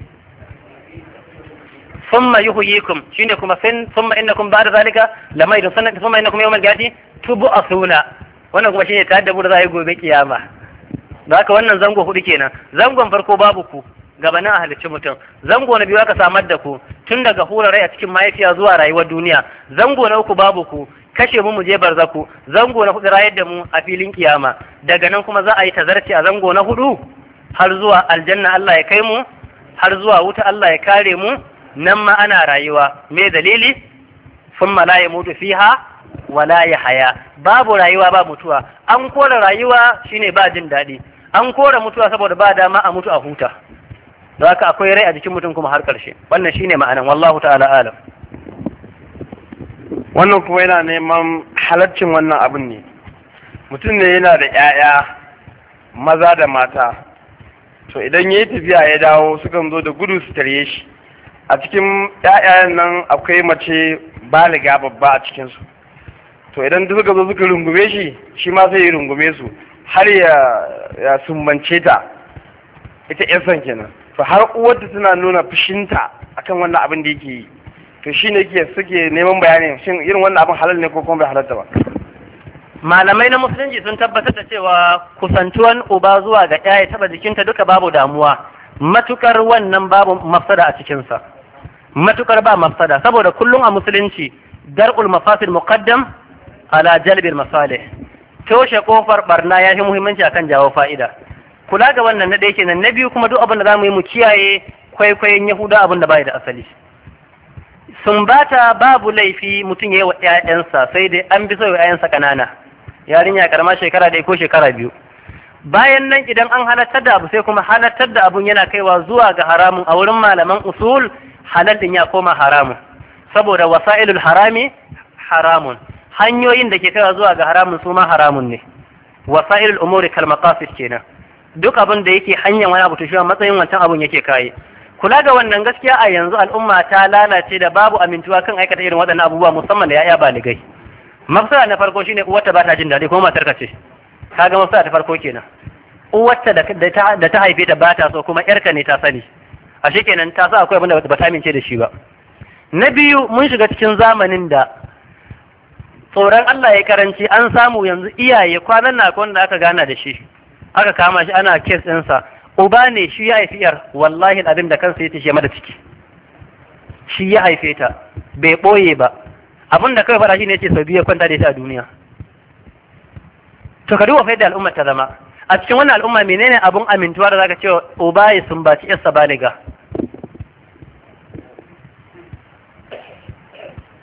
thumma yuhyikum shine kuma sun thumma innakum ba'da zalika lamaydun da thumma innakum yawmal qiyamati tub'athuna wannan kuma shine ta da za a yi gobe kiyama da haka wannan zango hudu kenan zangon farko babu ku gabanin a halicci mutum zango na biyu aka samar da ku tun daga hura rai a cikin mahaifiya zuwa rayuwar duniya zango na uku babu ku kashe mu mu je barzaku zango na hudu rayar da mu a filin kiyama daga nan kuma za a yi tazarci a zango na hudu har zuwa aljanna Allah ya kai mu har zuwa wuta Allah ya kare mu nan ma ana rayuwa me dalili sun la yamutu fiha wala haya. babu rayuwa ba mutuwa an kora rayuwa shine ba jin daɗi an kora mutuwa saboda ba dama a mutu a huta da haka akwai rai a jikin mutum kuma har ƙarshe wannan shine ma'anan wallahu ta'ala alam wannan kuma yana neman halaccin wannan abin ne mutum ne yana da 'ya'ya maza da mata to idan ya tafiya ya dawo sukan zo da gudu su tarye shi a cikin 'ya'yan nan akwai mace baliga babba a cikinsu to idan suka zo suka rungume shi shi ma sai ya rungume su har ya sumbance ta ita yarsan kenan to har ta tana nuna fushinta akan wannan abin da yake to shine yake suke neman bayani shin irin wannan abin halal ne ko kuma bai halalta ba malamai na musulunci sun tabbatar da cewa kusantuwan uba zuwa ga ya taba jikinta duka babu damuwa matukar wannan babu mafsada a cikinsa matukar ba mafsada saboda kullum a musulunci dar'ul mafasid muqaddam ala jalbil masalih toshe kofar barna ya fi muhimmanci akan jawo fa'ida kula ga wannan na ɗaya nan na biyu kuma duk abin da za mu yi mu kiyaye kwaikwayon yahuda abin da bai da asali sumbata babu laifi mutum ya yi wa ‘ya'yansa sai dai an bi sauyi ‘ya'yansa ƙanana yarinya karama shekara ɗaya ko shekara biyu bayan nan idan an halartar da abu sai kuma halartar da abun yana kaiwa zuwa ga haramun a wurin malaman usul halal din ya koma haramun saboda wasailul harami haramun hanyoyin da ke kaiwa zuwa ga haramun su ma haramun ne wasa'il umuri kal maqasid kenan duk abin da yake hanyar wani abu to shi matsayin wancan abun yake kai kula ga wannan gaskiya a yanzu al'umma ta lalace da babu amintuwa kan aikata irin waɗannan abubuwa musamman da ya'ya baligai mafsala na farko shine uwarta ba ta jin daɗi ko matarka ce kaga mafsala ta farko kenan uwarta da ta haife ta ba ta so kuma yarka ne ta sani ashe kenan ta sa akwai abin da ba ta amince da shi ba na biyu mun shiga cikin zamanin da tsoron Allah ya karanci an samu yanzu iyaye kwanan na da aka gana da shi aka kama shi ana kes ɗinsa uba ne shi ya haifi yar wallahi abin da kansa ya tashi mada ciki shi ya haife ta bai ɓoye ba abin da kawai fara shi ne ce sau biyu kwanta da ita a duniya to ka duba da al'ummar ta zama a cikin wannan al'umma menene abun amintuwa da zaka ce uba ya sumbaci yarsa baliga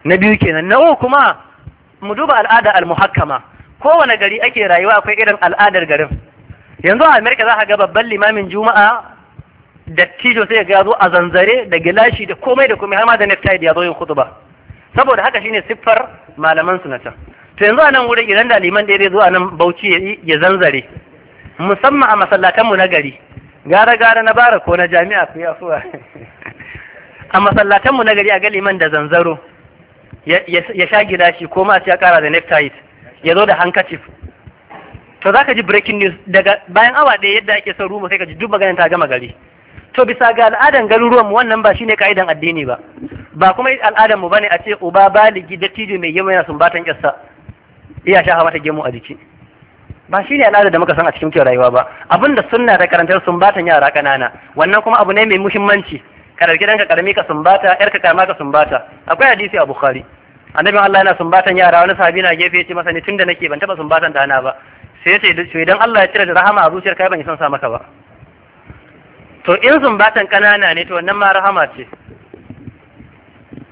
na biyu kenan na uku kuma mu duba al'ada al-muhakkama kowane gari ake rayuwa akwai irin al'adar garin yanzu a amerika za ka ga babban limamin juma'a da tijo sai ga zo a zanzare da gilashi da komai da komai har ma da necktie ya zo yin khutba saboda haka shine siffar malaman su na can to yanzu a nan wurin idan da liman da ya zo a nan bauchi ya zanzare musamman a masallatan mu na gari gara gara na bara ko na jami'a ku ya [laughs] a masallatan mu na gari a ga liman da zanzaro ya sha gilashi ko ma ya kara da necktie ya zo da handkerchief to za ka ji breaking news daga bayan awa ɗaya yadda ake son ruwa sai ka ji duk maganin ta gama gari to bisa ga al'adan garuruwan mu wannan ba shine ka'idan addini ba ba kuma al'adan mu bane a ce uba baligi dattijo mai gemu yana sumbatan kyassa iya shafa mata gemu a jiki ba shine al'ada da muka san a cikin rayuwa ba abinda sunna ta karantar sumbatan yara kanana wannan kuma abu ne mai muhimmanci ka dauki danka karami ka sumbata yar ka karama ka sumbata akwai hadisi a bukhari annabi Allah yana sumbatan yara wani sahabi na gefe ya ce masa ni tunda nake ban taba sumbatan dana ba sai yace ce idan Allah ya cire da rahama a zuciyar kai ban yi son sa maka ba to in sumbatan kanana ne to wannan ma rahama ce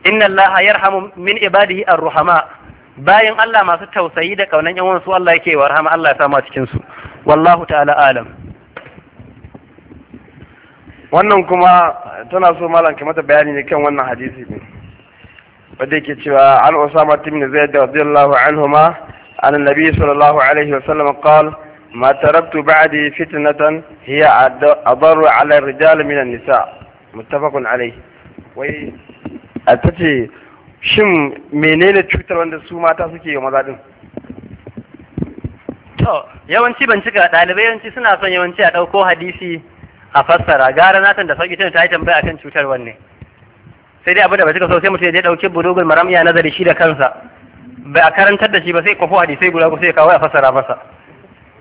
inna allaha yarhamu min ibadihi ar-ruhama bayan Allah masu tausayi da kaunan yawan su Allah yake wa rahama Allah ya sa a cikin su wallahu ta'ala alam wannan kuma tana so malam ka mata bayani ne kan wannan hadisi ne wanda yake cewa an usama zai zaid radiyallahu anhuma an nabi sallallahu alaihi sallam qal ma taraktu ba'di fitnatan hiya adaru ala ar-rijal min an-nisa muttafaqun alayhi wai a tace shin menene cutar wanda su mata suke yi maza din to yawanci ban cika ɗalibai yawanci suna son yawanci a ɗauko hadisi a fassara gara natan da sauki tana ta yi tambaya akan cutar wanne sai dai abin da ba suka so sai mutum ya dauki bulugul maram ya nazari shi da kansa ba a karantar da shi ba sai kwafo hadisai guda ko sai kawai a fassara masa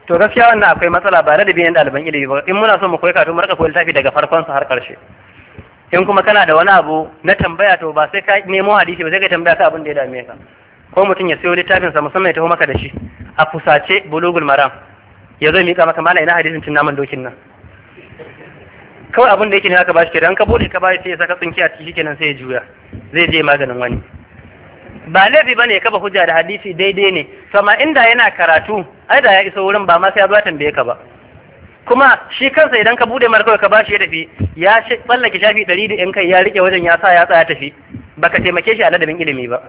to gaskiya wannan akwai matsala ba ladabi ne ɗaliban ilimi ba in muna so mu koyi karatu mu rika koyi littafi daga farkon sa har karshe in kuma kana da wani abu na tambaya to ba sai ka nemo hadisi ba sai ka tambaya ka abin da ya dame ka ko mutum ya siyo littafin sa musamman ya taho maka da shi a fusace bulugul maram ya zo mika maka mala ina hadisin tun dokin nan kawai abin da yake ne aka bashi kenan ka bude ka bashi sai ya saka tsinki a ciki kenan sai ya juya zai je maganin wani ba laifi bane ka ba hujja da hadisi daidai ne sama inda yana karatu ai da ya iso wurin ba ma sai ya ba tambaye ka ba kuma shi kansa idan ka bude mara kawai ka bashi ya tafi ya tsallake shafi ɗari da yan kai ya riƙe wajen ya sa ya tsaya tafi baka taimake shi a ladabin ilimi ba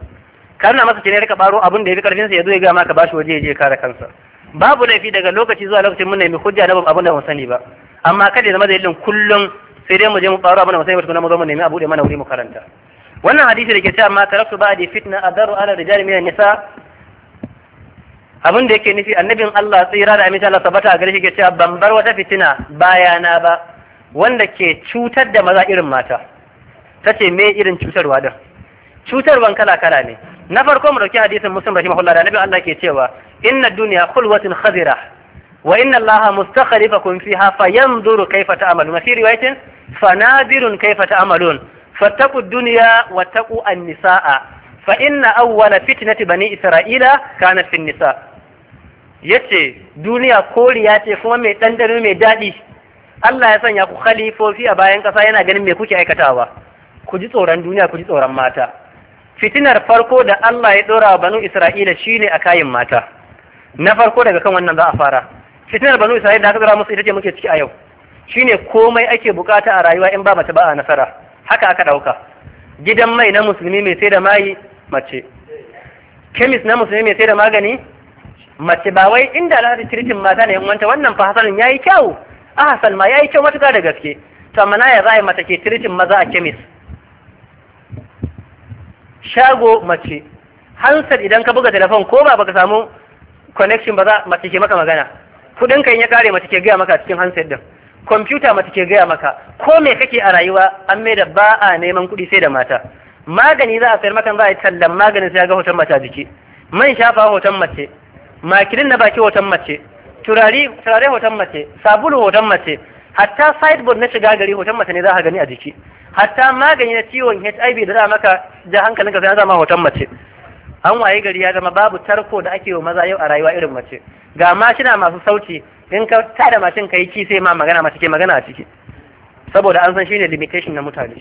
ka nuna masa ne ka baro abin da ya fi karfin sa ya zo ya ga maka bashi waje ya je kare kansa babu laifi daga lokaci zuwa lokacin mun nemi hujja na abin da mun sani ba amma kada ya zama dalilin kullum sai dai mu je mu faru abin da sai mu zo mu nemi abu da mana wuri mu karanta wannan hadisi da ke cewa ma taraktu ba'di fitna adaru ala rijal min nisa abin da yake nufi annabin Allah tsira da aminta Allah tabbata a gare shi ke cewa ban bar wata fitina bayana ba wanda ke cutar da maza irin mata tace me irin cutarwa din cutarwan kala kala ne na farko mu dauki hadisin muslim rahimahullah da annabin Allah ke cewa inna dunya khulwatun khadira wa inna allaha mustakhlifakum fiha fayanzuru kayfa ta'malun fi riwayatin fanadirun kayfa ta'malun fattaqu ad-dunya taqu an-nisaa fa inna awwala fitnati bani isra'ila kanat fi nisa yace duniya koriya ce kuma mai dandano mai dadi Allah ya sanya ku khalifofi a bayan kasa yana ganin me kuke aikatawa ku ji tsoron duniya ku ji tsoron mata fitinar farko da Allah ya dora banu Isra'ila shine a kayin mata na farko daga kan wannan za a fara fitinar banu isra'ila da aka zara musu ita ce muke ciki a yau shine komai ake bukata a rayuwa in ba mace ba a nasara haka aka dauka gidan mai na musulmi mai sai da mai mace kemis na musulmi mai sai da magani mace ba wai inda alhaji kirkin mata ne wanta wannan fa ya yayi kyau a hasan ma yayi kyau matuka da gaske to amma ya zai mata ke tiritin maza a kemis shago mace hansar idan ka buga telefon ko ba baka samu connection ba za mace ke maka magana kudin kan ya kare mace ke gaya maka cikin handset din kwamfuta mace ke gaya maka ko me kake a rayuwa an mai da ba a neman kuɗi sai da mata magani za a sayar maka za a yi tallan maganin sai ga hoton mace a jiki man shafa hoton mace makirin na baki hoton mace turare hoton mace sabulu hoton mace hatta sideboard na shiga gari hoton mace ne za a gani a jiki hatta magani na ciwon HIV da za maka ja hankalinka sai an zama hoton mace an waye gari ya zama babu tarko da ake wa maza yau a rayuwa irin mace ga mashina masu sauti in ka tada mashin ka yi sai ma magana mace ke magana a ciki saboda an san shine limitation na mutane